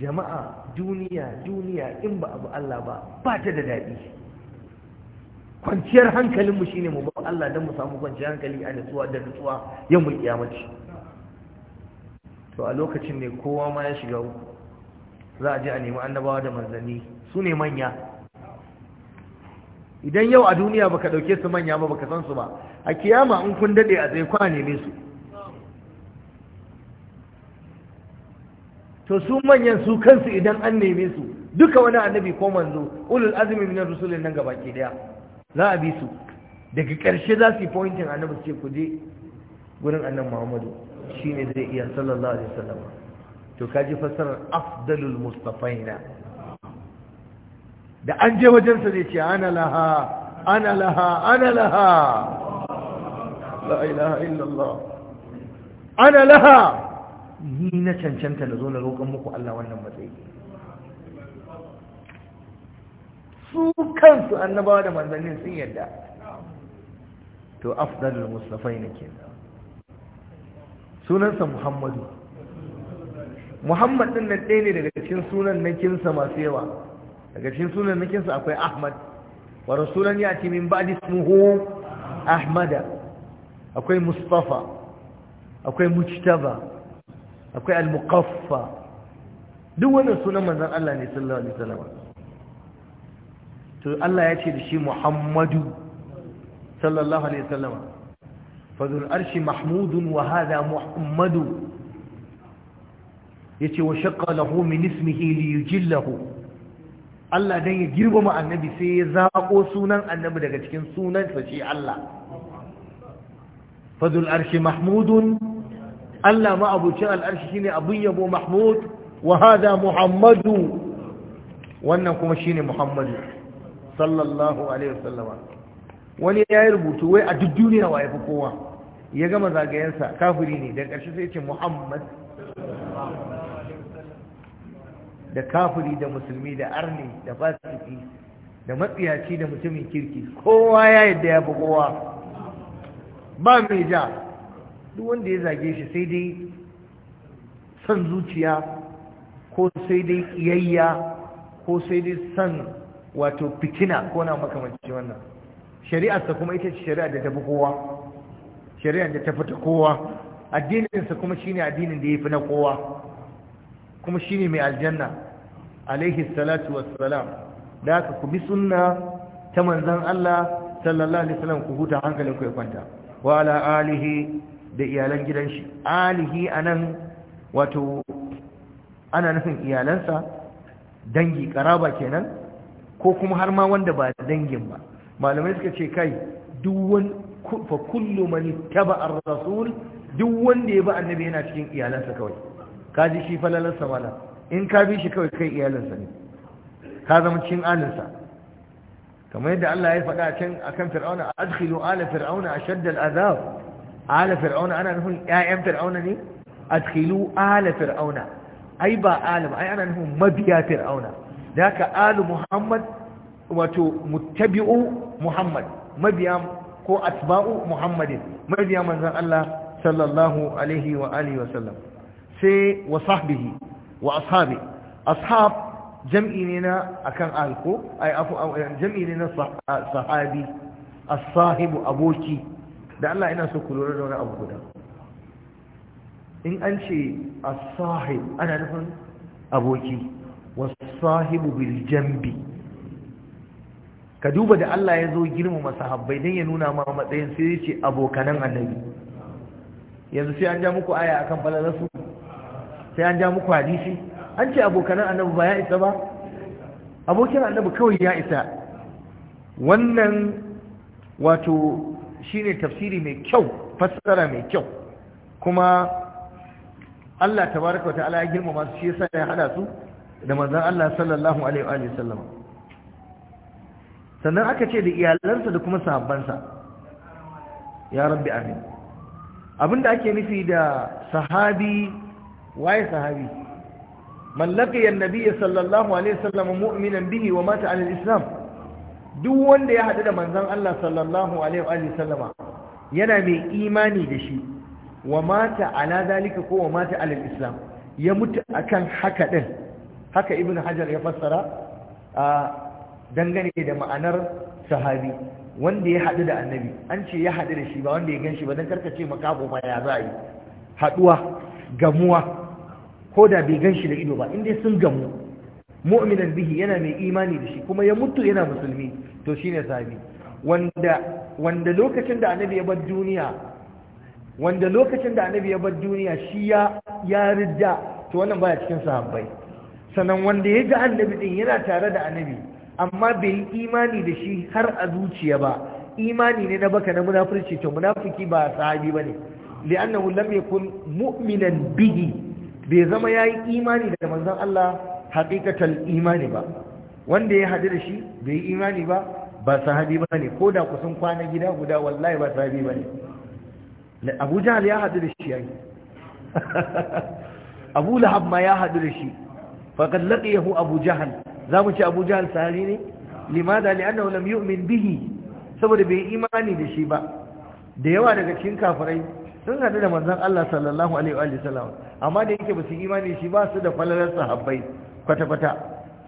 jama'a duniya duniya in ba abu Allah ba ba ta da daɗi kwanciyar hankalinmu shine mu ba Allah don mu samu kwanciyar hankali a nutsuwa da nutsuwa yau mu kiyamaci to a lokacin ne kowa ma ya shiga uku za a je a nemi annabawa da manzanni su ne manya idan yau a duniya baka dauke su manya ba baka san su ba a kiyama in kun dade a tsaye kwa neme su to su manyan su kansu idan an neme su duka wani annabi ko manzo ulul azmi min rusulin nan gaba ke daya za a bi su daga ƙarshe za su yi pointin annabi ce ku je gurin annan muhammadu shine zai iya sallallahu alaihi wasallam to kaji fassarar afdalul mustafaina da an je wajensa zai ce ana laha ana laha ana laha la ilaha illallah ana laha ni na cancanta da zo na roƙon muku Allah wannan matsayi su kansu annabawa da manzannin sun yadda to afdalul mustafai ne ke sunansa muhammadu muhammad din nan ɗaya ne daga cikin sunan nakinsa masu yawa daga cikin sunan nakinsa akwai ahmad wa rasulan ya ce min ba'di ho, ahmada akwai mustafa akwai mujtaba akwai al-muqaffa duk wannan sunan manzon Allah ne sallallahu alaihi wasallam to Allah ya ce da shi Muhammadu sallallahu alaihi wasallam fadul arshi mahmudun wa hadha muhammadu yace wa shaqqa lahu min ismihi li yujillahu Allah dan ya mu annabi sai ya zako sunan annabi daga cikin sunan sa shi Allah fadul arshi mahmudun Allah ma abucin shi shine abun yabo mahmud wahada muhammadu wannan kuma shine muhammadu sallallahu alaihi wasallam wani ya yi rubutu wai a duk duniya wa yafi kowa ya gama zagayensa kafiri ne da ƙarshe sai ce muhammad da kafiri da musulmi da arni da fasiki da matsiyaci da mutumin kirki kowa ya yadda ya fi kowa ba mai ja duk wanda ya zage shi sai dai son zuciya ko sai dai iyayya, ko sai dai son wato fitina ko na makamanci wannan shari'arsa kuma ita ce shari'a da ta fi kowa shari'ar da ta fita kowa addininsa kuma shine addinin da ya fi na kowa kuma shine mai aljanna alaihi salatu wassalam da aka ku bi sunna ta manzon Allah sallallahu alaihi wasallam ku huta hankalinku ya kwanta wa ala alihi da iyalan gidan shi alihi anan wato ana nufin iyalansa dangi karaba kenan ko kuma har ma wanda ba dangin ba malamai suka ce kai duwan fa kullu man taba ar-rasul duk wanda ya bi annabi yana cikin iyalansa kawai ka ji shi falalarsa wala in ka bi shi kawai kai iyalansa ne ka zama cikin alinsa kamar yadda Allah ya faɗa can akan fir'auna adkhilu ala fir'auna ashadda al-azab ala fir'auna ana nufin ƴaƴan fir'auna ne adkhilu ala fir'auna ai ba alim ai ana nufin mabiya fir'auna da haka alu muhammad wato muttabi'u muhammad mabiya ko atba'u muhammadin mabiya manzon Allah sallallahu alaihi wa alihi wa sallam sai wa sahbihi wa ashabi ashab jam'i na akan alko ai afu sahabi as-sahibu aboki da Allah ina so ku lura da wani abu guda in an ce as-sahib ana nufin aboki was-sahibu bil jambi ka duba da Allah ya zo girmama sahabbai dan ya nuna ma matsayin sai ya ce abokanan annabi yanzu sai an ja muku aya akan falalarsu sai an ja muku hadisi an ce abokanan annabi ba ya isa ba abokin annabi kawai ya isa wannan wato shine tafsiri mai kyau fassara mai kyau kuma Allah tabaraka wa ta'ala ya girmama su shi yasa ya hada su da manzon Allah sallallahu alaihi wa sallam sannan aka ce da iyalansa da kuma sahabbansa ya rabbi amin abinda ake nufi da sahabi waye sahabi man laqiya an-nabiy sallallahu alaihi wa sallam mu'minan bihi wa mata 'ala al-islam duk wanda ya haɗu da manzon Allah sallallahu alaihi yana mai imani da shi wa mata ala ko wa mata ala islam ya mutu akan haka ɗin? haka ibnu hajar ya fassara a dangane da ma'anar sahabi wanda ya haɗu da annabi an ce ya haɗu da shi ba wanda ya gan shi ba don karkace makabo ba ya za a yi haɗuwa gamuwa ko da bai gan shi da ido ba inda sun gamu mu'minan bihi yana mai imani da shi kuma ya mutu yana musulmi to shine sahabi wanda wanda lokacin da annabi ya bar duniya wanda lokacin da annabi ya bar duniya shi ya ya ridda to wannan baya cikin sahabbai sannan wanda ya ga annabi din yana tare da annabi amma bai yi imani da shi har a zuciya ba imani ne na baka na munafurci to munafiki ba sahabi bane li'annahu lam yakun mu'minan bihi bai zama yayi imani da manzon Allah haqiqatal imani ba wanda ya hadu da shi bai yi imani ba ba sahabi ba ne ko da kusan kwana gida guda wallahi ba sahabi ba ne abu jahal ya hadu da shi yayi abu lahab ma ya hadu da shi faqad laqiyahu abu Za mu ci abu jahal sahabi ne limada li'annahu lam yu'min bihi saboda bai imani da shi ba da yawa daga cikin kafirai sun hadu da manzon Allah sallallahu alaihi wa sallam amma da yake ba su imani shi ba su da falalar sahabbai kwata-kwata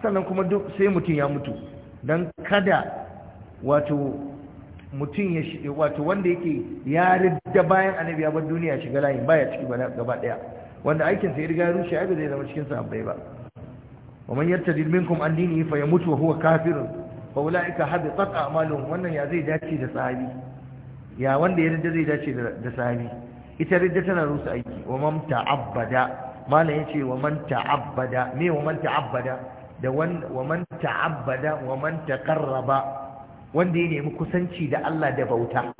sannan kuma duk sai mutum ya mutu don kada wato mutum ya wato wanda yake ya ridda bayan annabi ya bar duniya shiga layin baya ciki gaba daya wanda aikin sa ya riga rushe ai zai zama cikin abai ba wa man yartadil minkum an dinihi fa yamutu wa huwa kafirun fa ulaika habitat a'maluhum wannan ya zai dace da sahabi ya wanda ya ridda zai dace da sahabi ita ridda tana rusa aiki wa man ta'abbada Malam yace wa man ta'abbada me wa man ta'abbada da wa man ta'abbada wa man taqarraba wanda ya nemi kusanci da Allah da bauta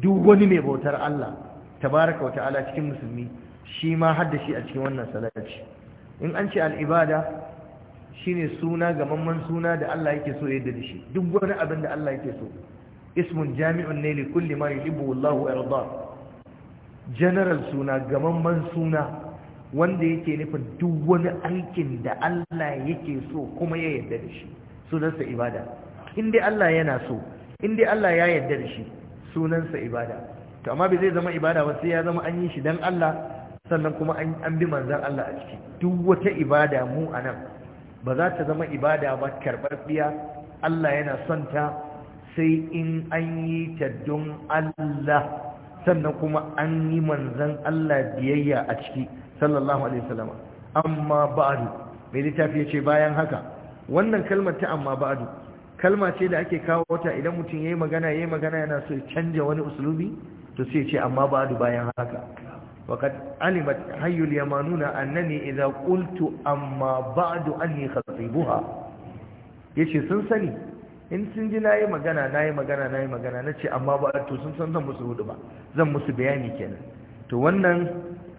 duk wani mai bautar Allah tabaraka wa ta'ala cikin musulmi shi ma hadda shi a cikin wannan salati in an ce al'ibada shine suna gamamman suna da Allah yake so yadda da shi duk wani abin da Allah yake so ismun jami'un ne li kulli ma yuhibbu Allahu wa yarda general suna gamamman suna wanda yake nufin duk wani aikin da Allah yake so kuma ya yarda da shi sunansa ibada in dai Allah yana so in dai Allah ya yarda da shi sunansa ibada to amma bai zai zama ibada ba sai ya zama an yi shi dan Allah sannan kuma an bi manzan Allah a ciki duk wata ibada mu nan, ba za ta zama ibada ba biya, Allah yana son ta sai in an yi ta don Allah sannan kuma an yi manzan Allah biyayya a ciki sallallahu alaihi salama. amma ba'adu. mai littafi ya ce bayan haka wannan kalmar ta amma ba'adu kalma ce da ake kawo wata idan mutum ya yi magana ya yi magana yana so ya canja wani usulubi to sai ce amma ba'adu bayan haka Wakad alimat hayyul yamanuna annani idza qultu amma ba'du anni khatibuha yace sun sani in sun ji nayi magana nayi magana nayi magana nace amma ba to sun san zan musu hudu ba zan musu bayani kenan to wannan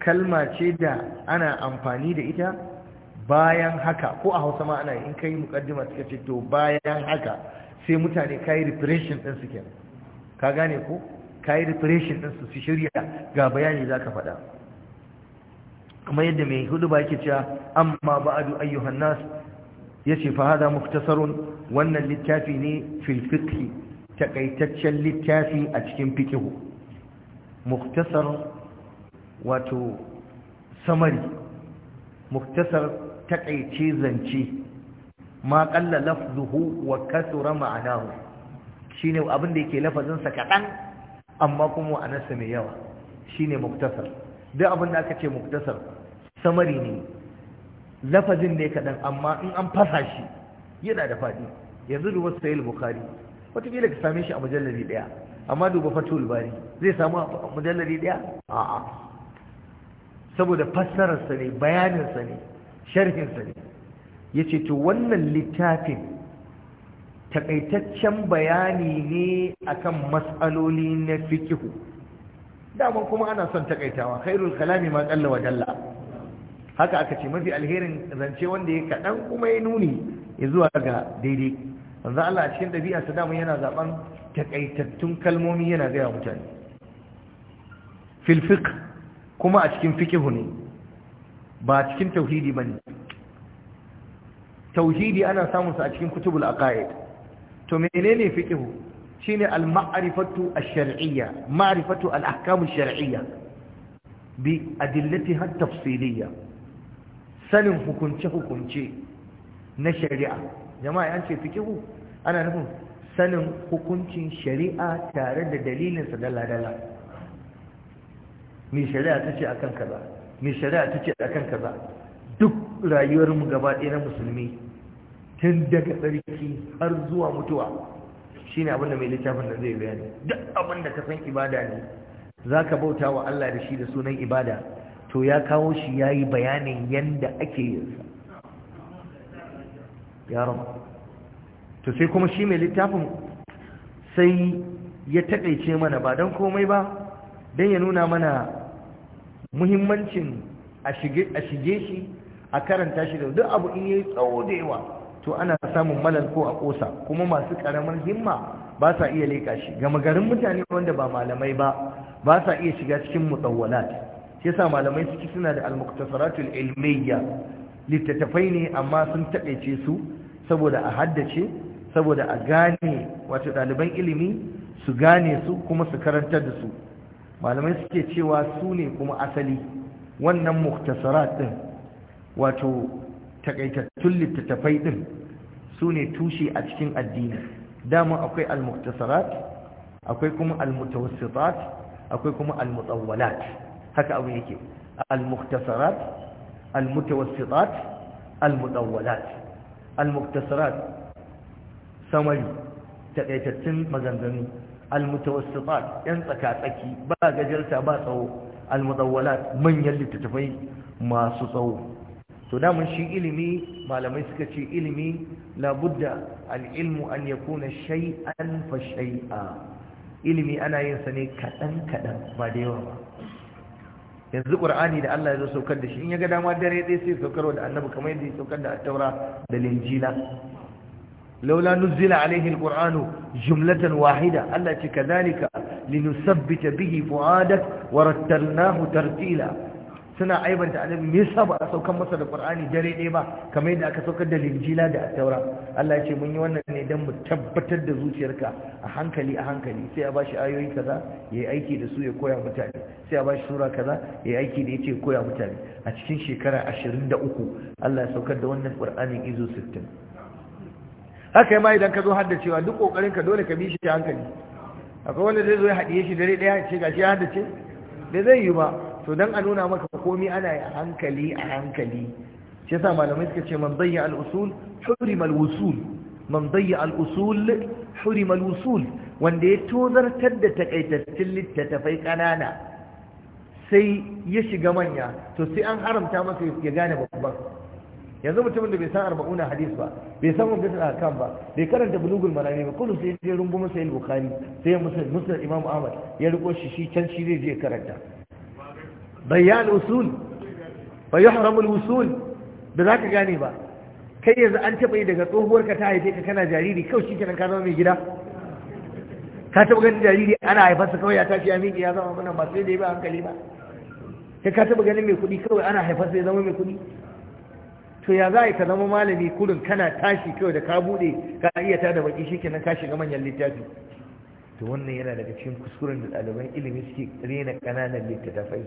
kalma ce da ana amfani da ita bayan haka ko a hausa ma ana in ka yi mukaddima suka ce to bayan haka sai mutane yi reparation din su kenan ka gane ko yi reparation din su su shirya ga bayani za ka faɗa Kuma yadda mai hudu ba yake cewa amma ba a ba'adu ayyuhan ya ce, fa hada muktasarun wannan littafi ne filfiki takaitaccen littafi a cikin fikihu muktasar wato samari muktasar taƙaice zance ma qalla lafzuhu wa kasura ma'anahu shine abin da yake lafazin sa kadan amma kuma anasa mai yawa shine muktasar duk abin da aka ce muktasar samari ne lafazin ne kaɗan, amma in an fasa shi yana da fadi yanzu duba sahih bukhari wataƙila ka same shi a mujallari daya amma duba fatul bari zai samu a mujallari daya a'a saboda fassararsa ne bayaninsa ne sharhinsa ne ya ce to wannan littafin takaitaccen bayani ne akan matsaloli na fikihu daman kuma ana son takaitawa khairul kalami ma kalla wa dalla haka aka ce mafi alherin zance wanda ya kaɗan kuma ya nuni ya zuwa ga daidai wanzu Allah a cikin ɗabi'a su damu yana zaɓen takaitattun kalmomi yana gaya mutane filfik kuma a cikin fikihu ne ba cikin tauhidi ba ne tauhidi ana samunsa a cikin kutubul aqaid to menene fikihu shine al-ma'rifatu ash-shar'iyya ma'rifatu al-ahkam ash-shar'iyya bi adillatiha tafsiliyya sanin hukunce hukunce na shari'a jama'a an ce fikihu ana nufin sanin hukuncin shari'a tare da dalilinsa dalla-dalla mai shari'a ta ce akan kaza mai shari'a ta ce akan kaza duk rayuwarmu gaba ɗaya na musulmi tun daga tsarki har zuwa mutuwa shine abin da mai littafin da zai bayani duk abin da ka san ibada ne za ka bauta wa Allah da shi da sunan ibada to ya kawo shi ya yi bayanin yadda ake yin sa rama. to sai kuma shi mai littafin sai ya taƙaice mana ba don komai ba don ya nuna mana muhimmancin a shige shi a karanta shi da duk abu in yi tsawo da yawa to ana samun malal ko a ƙosa kuma masu ƙaramar himma ba sa iya leƙa shi gama garin mutane wanda ba malamai ba ba sa iya shiga cikin mutawwalat shi yasa malamai suke suna da al-muqtasaratul ilmiyya littattafai ne amma sun taɓaice su saboda a haddace saboda a gane wato ɗaliban ilimi su gane su kuma su karantar da su malamai suke cewa su ne kuma asali wannan muktasarat din wato takaitattun littattafai din su ne tushe a cikin addini dama akwai al-muktasarat akwai kuma al-mutawassitat akwai kuma al-mutawwalat haka abu yake al-muktasarat al-mutawassitat al-mutawwalat al-muktasarat samari takaitattun maganganu almutawassitat yan tsaka-tsaki ba gajarta ba tsawo almudawwalat manyan littattafai masu tsawo to damun shi ilimi malamai suka ce ilimi labudda al'ilmu an yakuna shay'an fa shay'a ilimi ana yinsa ne kaɗan-kaɗan ba da yawa yanzu ƙur'ani da Allah ya zo saukar da shi in ya ga dama dare dai sai saukarwa da annabi kamar yadda ya saukar da taura da linjila laula nuzila alaihi alquranu wahida Allah ce kadalika linusabbita bihi fuadak wa rattalnahu tartila suna aibanta annabi me yasa ba a saukar masa da qur'ani dare ɗaya ba kamar da aka saukar da linjila da taura Allah ya ce mun yi wannan ne dan mu tabbatar da zuciyarka a hankali a hankali sai a bashi ayoyi kaza yayi aiki da su ya koya mutane sai a bashi sura kaza yayi aiki da yace ya koya mutane a cikin shekara uku, Allah ya saukar da wannan qur'anin izo 60 haka ma idan ka zo haddacewa duk kokarin ka dole ka bi shi hankali akwai wanda zai zo ya haɗiye shi dare ɗaya ce gashi ya haddace da zai yi ba to dan a nuna maka komi ana yi a hankali a hankali shi yasa malamai suka ce man dayya al-usul hurimal wusul man al-usul hurimal wusul wanda ya tozartar da takaitattun littattafai ƙanana, sai ya shiga manya to sai an haramta masa ya gane babban yanzu mutumin da bai san arba'una hadis ba bai san wanda ta kan ba bai karanta bulugul marani ba kullu sai ya rumbu masa il bukhari sai muslim muslim imam ahmad ya riko shi shi can shi zai je karanta bayan usul fa yuhramu al usul ba za ka gane ba kai yanzu an taba yi daga tsohuwar ka ta haife ka kana jariri kawai shi kenan ka zama mai gida ka taba ganin jariri ana haifar sa, kawai ya tafi ya miƙe ya zama mana ba sai da ya ba hankali ba kai ka taba ganin mai kuɗi kawai ana haifar sa ya zama mai kuɗi to ya za ka zama malami kurin kana tashi kawai da ka buɗe ka iya tada baki kenan ka shiga manyan littafi to wannan yana daga cikin kuskuren da ɗaliban ilimi suke rena ƙananan littattafai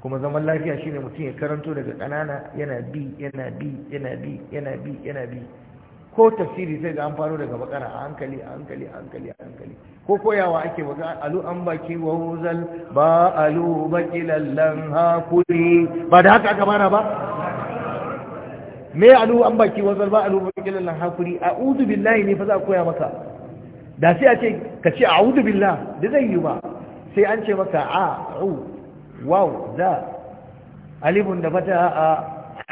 kuma zaman lafiya shine mutum ya karanto daga ƙanana yana bi yana bi yana bi yana bi yana bi ko tafsiri sai ga an faro daga bakara a hankali a hankali a hankali a hankali ko koyawa ake baka alu an baki wa huzal ba alu baki hakuri ba da haka aka bara ba me alu an baki wanzar ba alu bakilan nan hakuri udu billahi ne fa za a koya maka da sai a ce ka ce udu billah da zai yi ba sai an ce maka a a'u waw da alifun da fata a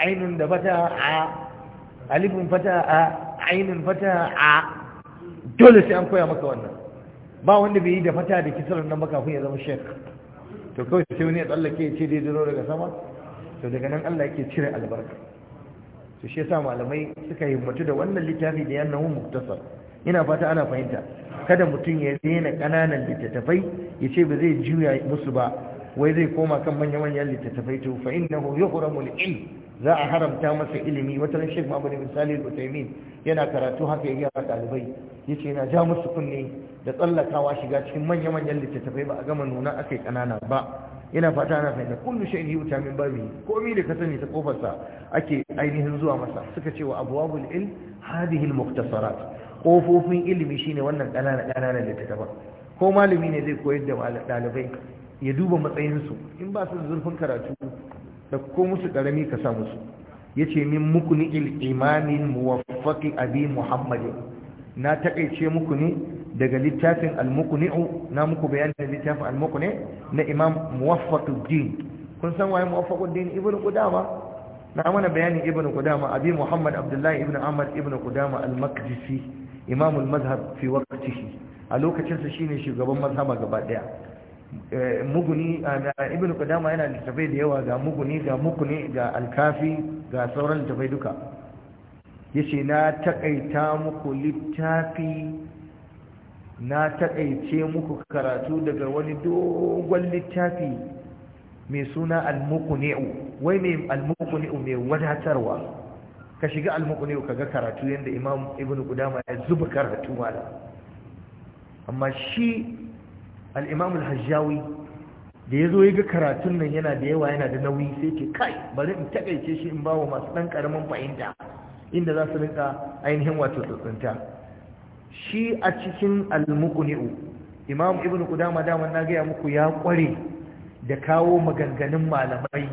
ainun da fata a alifun fata a ainun fata a dole sai an koya maka wannan ba wanda bai yi da fata da kisar nan baka kun ya zama shek to kawai sai wani ya tsallake ya ce dai duro daga sama to daga nan Allah yake cire albarka to shi yasa malamai suka himmatu da wannan littafi da yannahu muktasar ina fata ana fahimta kada mutum ya daina kananan littattafai ya ce ba zai juya musu ba wai zai koma kan manya-manyan littattafai to fa hoyo, yuhramul ilm za a haramta masa ilimi wata ran Sheikh misali bin Salih al yana karatu haka ya ɗalibai. Ya yace yana ja musu kunne da tsallakawa shiga cikin manya-manyan littattafai ba a gama nuna akai kanana ba ina fata ana fahimta kullu shay'in yuta min babihi komai da ka sani ta kofar sa ake ainihin zuwa masa suka ce wa abwabul ilm hadhihi al mukhtasarat kofofin ilimi shine wannan kanana kanana da ko malami ne zai koyar da dalibai ya duba matsayin su in ba su zurfin karatu da ko musu karami ka sa musu yace min mukuni il imamin muwaffaqi abi muhammadin na takeice muku ne daga littafin al-muqni'u na muku bayanin littafin al-muqni na imam muwaffaquddin kun san waye muwaffaquddin ibnu qudama na mana bayanin ibnu qudama abi muhammad abdullahi ibnu ahmad ibnu qudama al-maqdisi imam al-mazhab fi waqtihi a lokacin sa shine shugaban mazhaba gaba daya eh, muguni eh, ibnu qudama yana littafai da yawa ga muguni ga mukuni ga alkafi, ga sauran littafai duka yace na takaita muku littafi na taƙaice muku karatu daga wani dogon littafi mai suna almukuni'u wai mai almukuni'u mai wadatarwa ka shiga almukuni'u ga karatu yadda imam ibn Gudama ya zuba karatu mala amma shi al alhajjawi da ya da yazo yaga karatun nan yana da yawa yana da nauyi sai ke kai bari in taƙaice shi in ba wa masu ɗan ƙaramin fahimta inda za su rinka ainihin wato tsuntsunta shi a cikin al-muqni'u imam ibnu Kudama, da na gaya muku ya kware da kawo maganganun malamai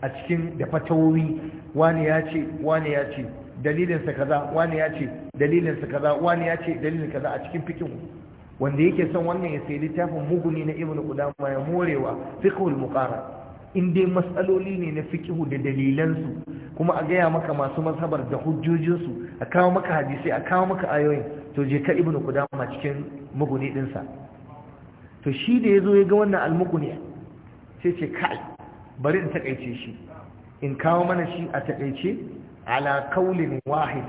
a cikin da fatawoyi wani ya ce wani ya ce dalilinsa kaza wani ya ce dalilinsa kaza wani ya ce dalilin kaza a cikin fikin wanda yake son wannan ya sayi littafin muguni na ibnu Kudama ya morewa fiqhul muqara in dai matsaloli ne na fikihu da dalilansu kuma a gaya maka masu mazhabar da hujjojinsu a kawo maka hadisai a kawo maka ayoyin to je ka ibnu kudama cikin muguni dinsa to shi da zo ya ga wannan almuguni sai ce kai bari in takaice shi in kawo mana shi a takaice ala kaulin wahid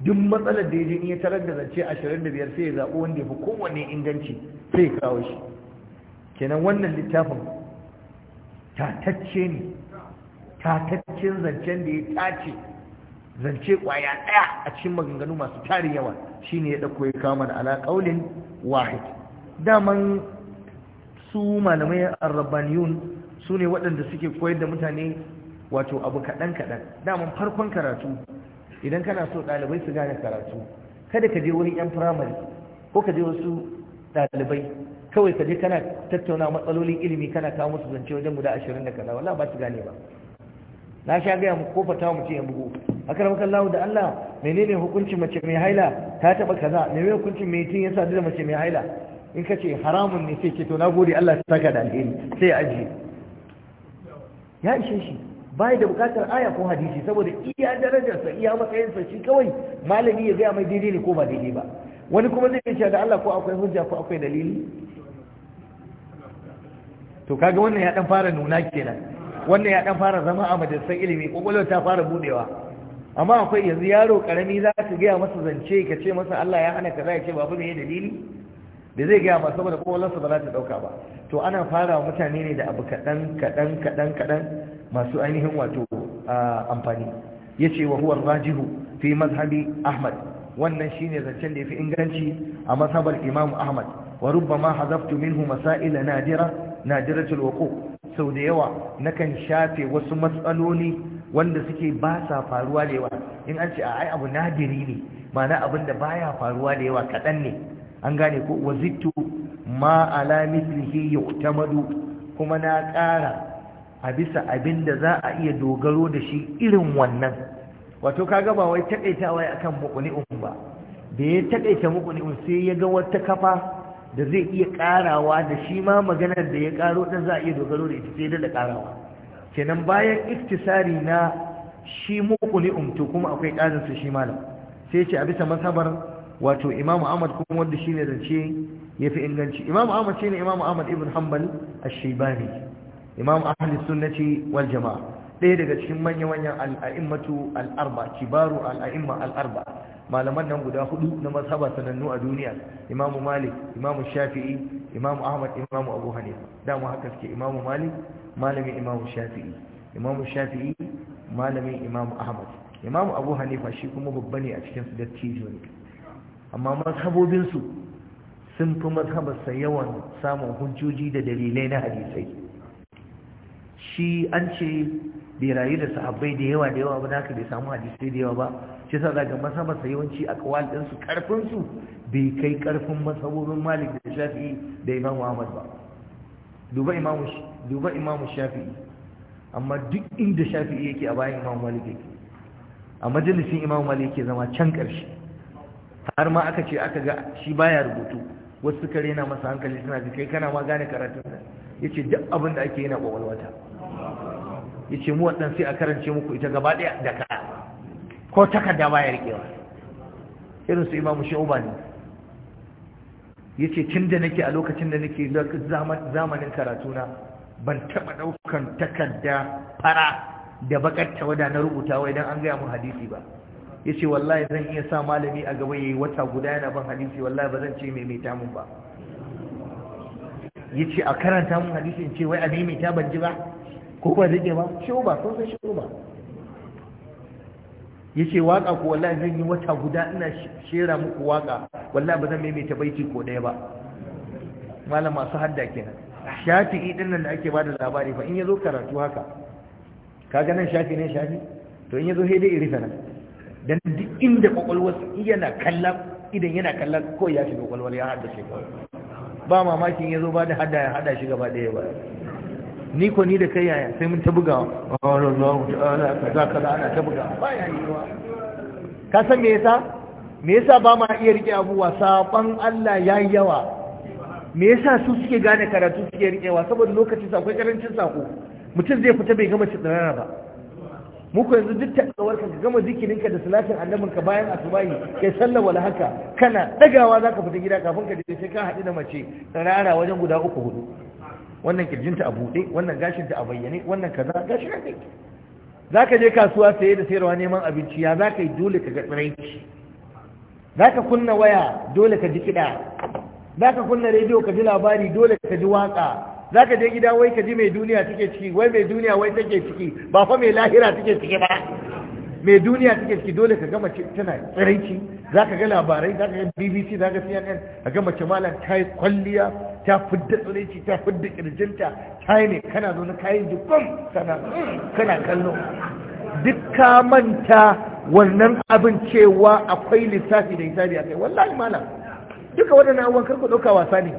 duk matsalar da yaje ya tarar da zance 25 sai ya zabo wanda ya fi kowanne inganci sai ya kawo shi kenan wannan littafin tatacce ne tataccen zancen da ya tace zance kwaya ɗaya a cikin maganganu masu tari yawa shine ya ɗauko ya kama da alaƙaulin wahid daman su malamai arrabaniyun su ne waɗanda suke koyar da mutane wato abu kaɗan-kaɗan daman farkon karatu idan kana so ɗalibai su gane karatu kada ka je wurin 'yan firamare ko ka je wasu ɗalibai kawai ka je kana tattauna matsalolin ilimi kana kawo musu zance wajen guda ashirin da kaza wala ba su gane ba na sha gaya mu kofa ta mutum yan bugu akar maka Allah da Allah menene hukuncin mace mai haila ta taba kaza menene hukuncin mai tin ya sadu da mace mai haila in ka ce haramun ne sai ke to na gode Allah ya saka da alheri sai ya ajiye ya ishe shi bai da bukatar aya ko hadisi saboda iya darajarsa iya matsayinsa shi kawai malami ya gaya mai daidai ne ko ba daidai ba wani kuma zai ce da Allah ko akwai hujja ko akwai dalili to kaga wannan ya dan fara nuna kenan wannan ya dan fara zama a majalisar ilimi kokolo ta fara budewa amma akwai yanzu yaro karami za ka gaya masa zance ka ce masa Allah ya hana ka za ya ce babu ne dalili da zai gaya masa saboda kokolarsa ba za ta dauka ba to ana fara mutane ne da abu kadan kadan kadan kadan masu ainihin wato amfani yace wa huwa rajihu fi mazhabi ahmad wannan shine zancen da yafi inganci a masabar Imam Ahmad wa rubbama hazaftu minhu masail nadira nadiratul wuqu sau da yawa nakan shafe wasu matsaloli wanda suke ba sa faruwa da yawa in an ce a ai abu nadiri ne ma'ana abin da baya faruwa da yawa kaɗan ne an gane ko wazittu ma ala mislihi yu'tamadu kuma na ƙara a bisa abin da za a iya dogaro da shi irin wannan wato kaga ba wai takaita wai akan muqni'un ba da ya takaita muqni'un sai ya ga wata kafa da zai iya karawa da shi ma maganar da ya karo dan za a iya dogaro da ita sai da karawa kenan bayan iktisari na shi muqni'un to kuma akwai karin su shi malam sai ya ce a bisa masabar wato Imam Ahmad kuma wanda shine zance yafi inganci Imam Ahmad shine Imam Ahmad ibn Hanbal ash-Shaybani Imam Ahlus Sunnah wal Jama'a ɗaya daga cikin manya-manyan al'a'immatu al'arba kibaru al'a'imma al'arba malaman nan guda hudu na mazhaba sanannu a duniya imamu malik imamu shafi'i imamu ahmad imamu abu hanifa dama haka suke imamu malik malamin imamu shafi'i imamu shafi'i malamin imamu ahmad imamu abu hanifa shi kuma babba ne a cikin su dattijo ne amma mazhabobinsu sun fi mazhabarsa yawan samun hujjoji da dalilai na hadisai shi an ce bai rayu da sahabbai da yawa da yawa ba haka bai samu hadisai da yawa ba shi sa daga masa masa yawanci a kawal din su bai kai karfin masabobin Malik da Shafi'i da Imam Ahmad ba duba Imam duba Imam Shafi'i amma duk inda Shafi'i yake a bayan Imam Malik yake a majalisin Imam Malik yake zama can karshe har ma aka ce aka ga shi baya rubutu wasu suka rena masa hankali suna ji kai kana ma gane karatun yace duk abin da ake yana kwakwalwata ya ce mu waɗansu sai a karance muku ita gaba ɗaya da ka ko takarda baya ya riƙewa irin su imamu shi'uba ne ya ce tun da nake a lokacin da nake zamanin karatuna ban taɓa ɗaukan takarda fara da bakar tawada na rubuta wai don an gaya mun hadisi ba ya ce wallahi zan iya sa malami a gaba ya yi wata guda yana ban hadisi wallahi ba zan ce mai mai tamun ba ya ce a karanta mun hadisi in ce wai a maimaita ban ji ba ko ba rike ba san ko ba Ya ce waka ko wallahi zan yi wata guda ina shera muku waka wallahi ba zan maimaita baiti ko daya ba malam masu hadda kenan shafi idan nan da ake bada labari fa in ya zo karatu haka kaga nan shafi ne shafi to in zo sai dai irisa nan dan duk inda kwakwalwar yana kalla idan yana kalla ko ya shiga kwakwalwar ya haddace kawai ba mamakin ya ba da hada ya hada shi gaba daya ba ni ko ni da kai yaya sai mun ta bugawa ana ta ba ka san me yasa me yasa ba ma iya rike abuwa saban Allah yayi yawa me yasa su suke gane karatu suke wa saboda lokacin sa akwai karancin sako mutum zai fita bai gama tsirara ba mu ko yanzu duk takawar ka gama zikirinka da salatin annabin ka bayan asubahi kai sallah wala haka kana dagawa zaka fita gida kafin ka je sai ka hadu da mace tsirara wajen guda uku hudu wannan kirjinta a buɗe wannan gashinta a bayyane wannan kaza gashi na kai za ka je kasuwa saye da sayarwa neman abinci ya za ka yi dole ka ga tsiraici za ka kunna waya dole ka ji kiɗa za ka kunna rediyo ka ji labari dole ka ji waƙa za ka je gida wai ka ji mai duniya take ciki wai mai duniya wai take ciki ba fa mai lahira take ciki ba mai duniya take ciki dole ka gama tana tsiraici za ka ga labarai za ka ga bbc za ka cnn ka gama malam ta yi kwalliya ta fidda tsiraici ta fidda kirjinta ta yi ne kana zo na kayan jikon kana kallo duk ka manta wannan abin cewa akwai lissafi da hisabi a kai wallahi malam duka waɗannan abubuwan karko ɗauka wasa ne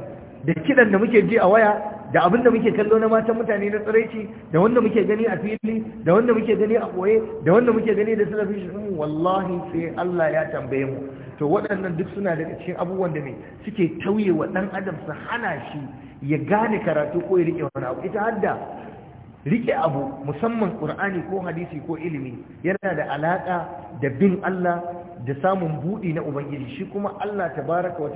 da kiɗan da muke ji a waya da abin da muke kallo na matan mutane na tsiraici da wanda muke gani a fili da wanda muke gani a ɓoye da wanda muke gani da talabijin wallahi sai Allah ya tambaye mu to waɗannan duk suna daga cikin abubuwan da ne suke tauye wa ɗan adam su hana shi ya gane karatu ko ya riƙe wani abu ita hadda riƙe abu musamman ƙur'ani ko hadisi ko ilimi yana da alaƙa da bin Allah da samun buɗi na ubangiji shi kuma Allah tabaraka wa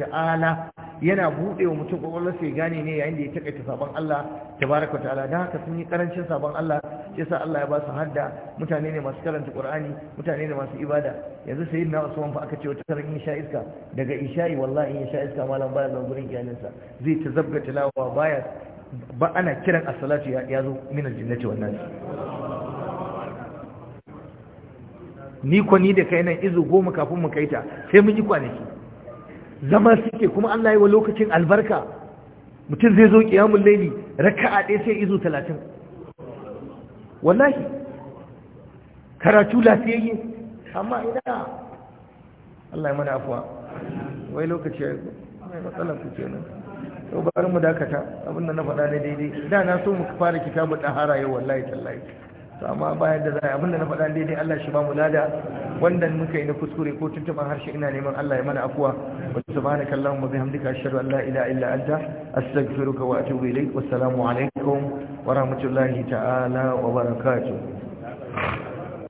yana buɗe wa mutum kwakwalwar sai gane ne yayin da ya taƙaita sabon Allah ta ta'ala dan haka sun yi karancin sabon Allah sa Allah ya ba su hadda mutane ne masu karanta ƙur'ani, mutane ne masu ibada yanzu na Usman fa aka ce wata tarin sha iska daga isha'i wallahi sha iska malam baya zan gurin sa. zai ta zabga tilawa baya ba ana kiran asalatu salatu ya zo min aljinnati jannati ni ko ni da kai nan izu goma kafin mu kai ta sai mun yi kwanaki zama suke kuma Allah yi wa lokacin albarka mutum zai zo kiyamun laili a ɗaya sai izo talatin wallahi karatu lafiyayye amma ina Allah ya mana afuwa wai lokaci ya mai matsala ku ce nan sau barin mu dakata abinda na faɗa ne daidai da na so mu fara kitabu ɗahara yau wallahi tallahi to amma bayan da za abinda na faɗa daidai Allah shi ba mu lada wanda muka yi na kuskure ko tuntuban harshe ina neman Allah ya mana afuwa wa subhanaka allahumma bihamdika ashhadu an la ilaha illa anta astaghfiruka wa atubu ilayk wassalamu alaikum wa rahmatullahi ta'ala wa barakatuh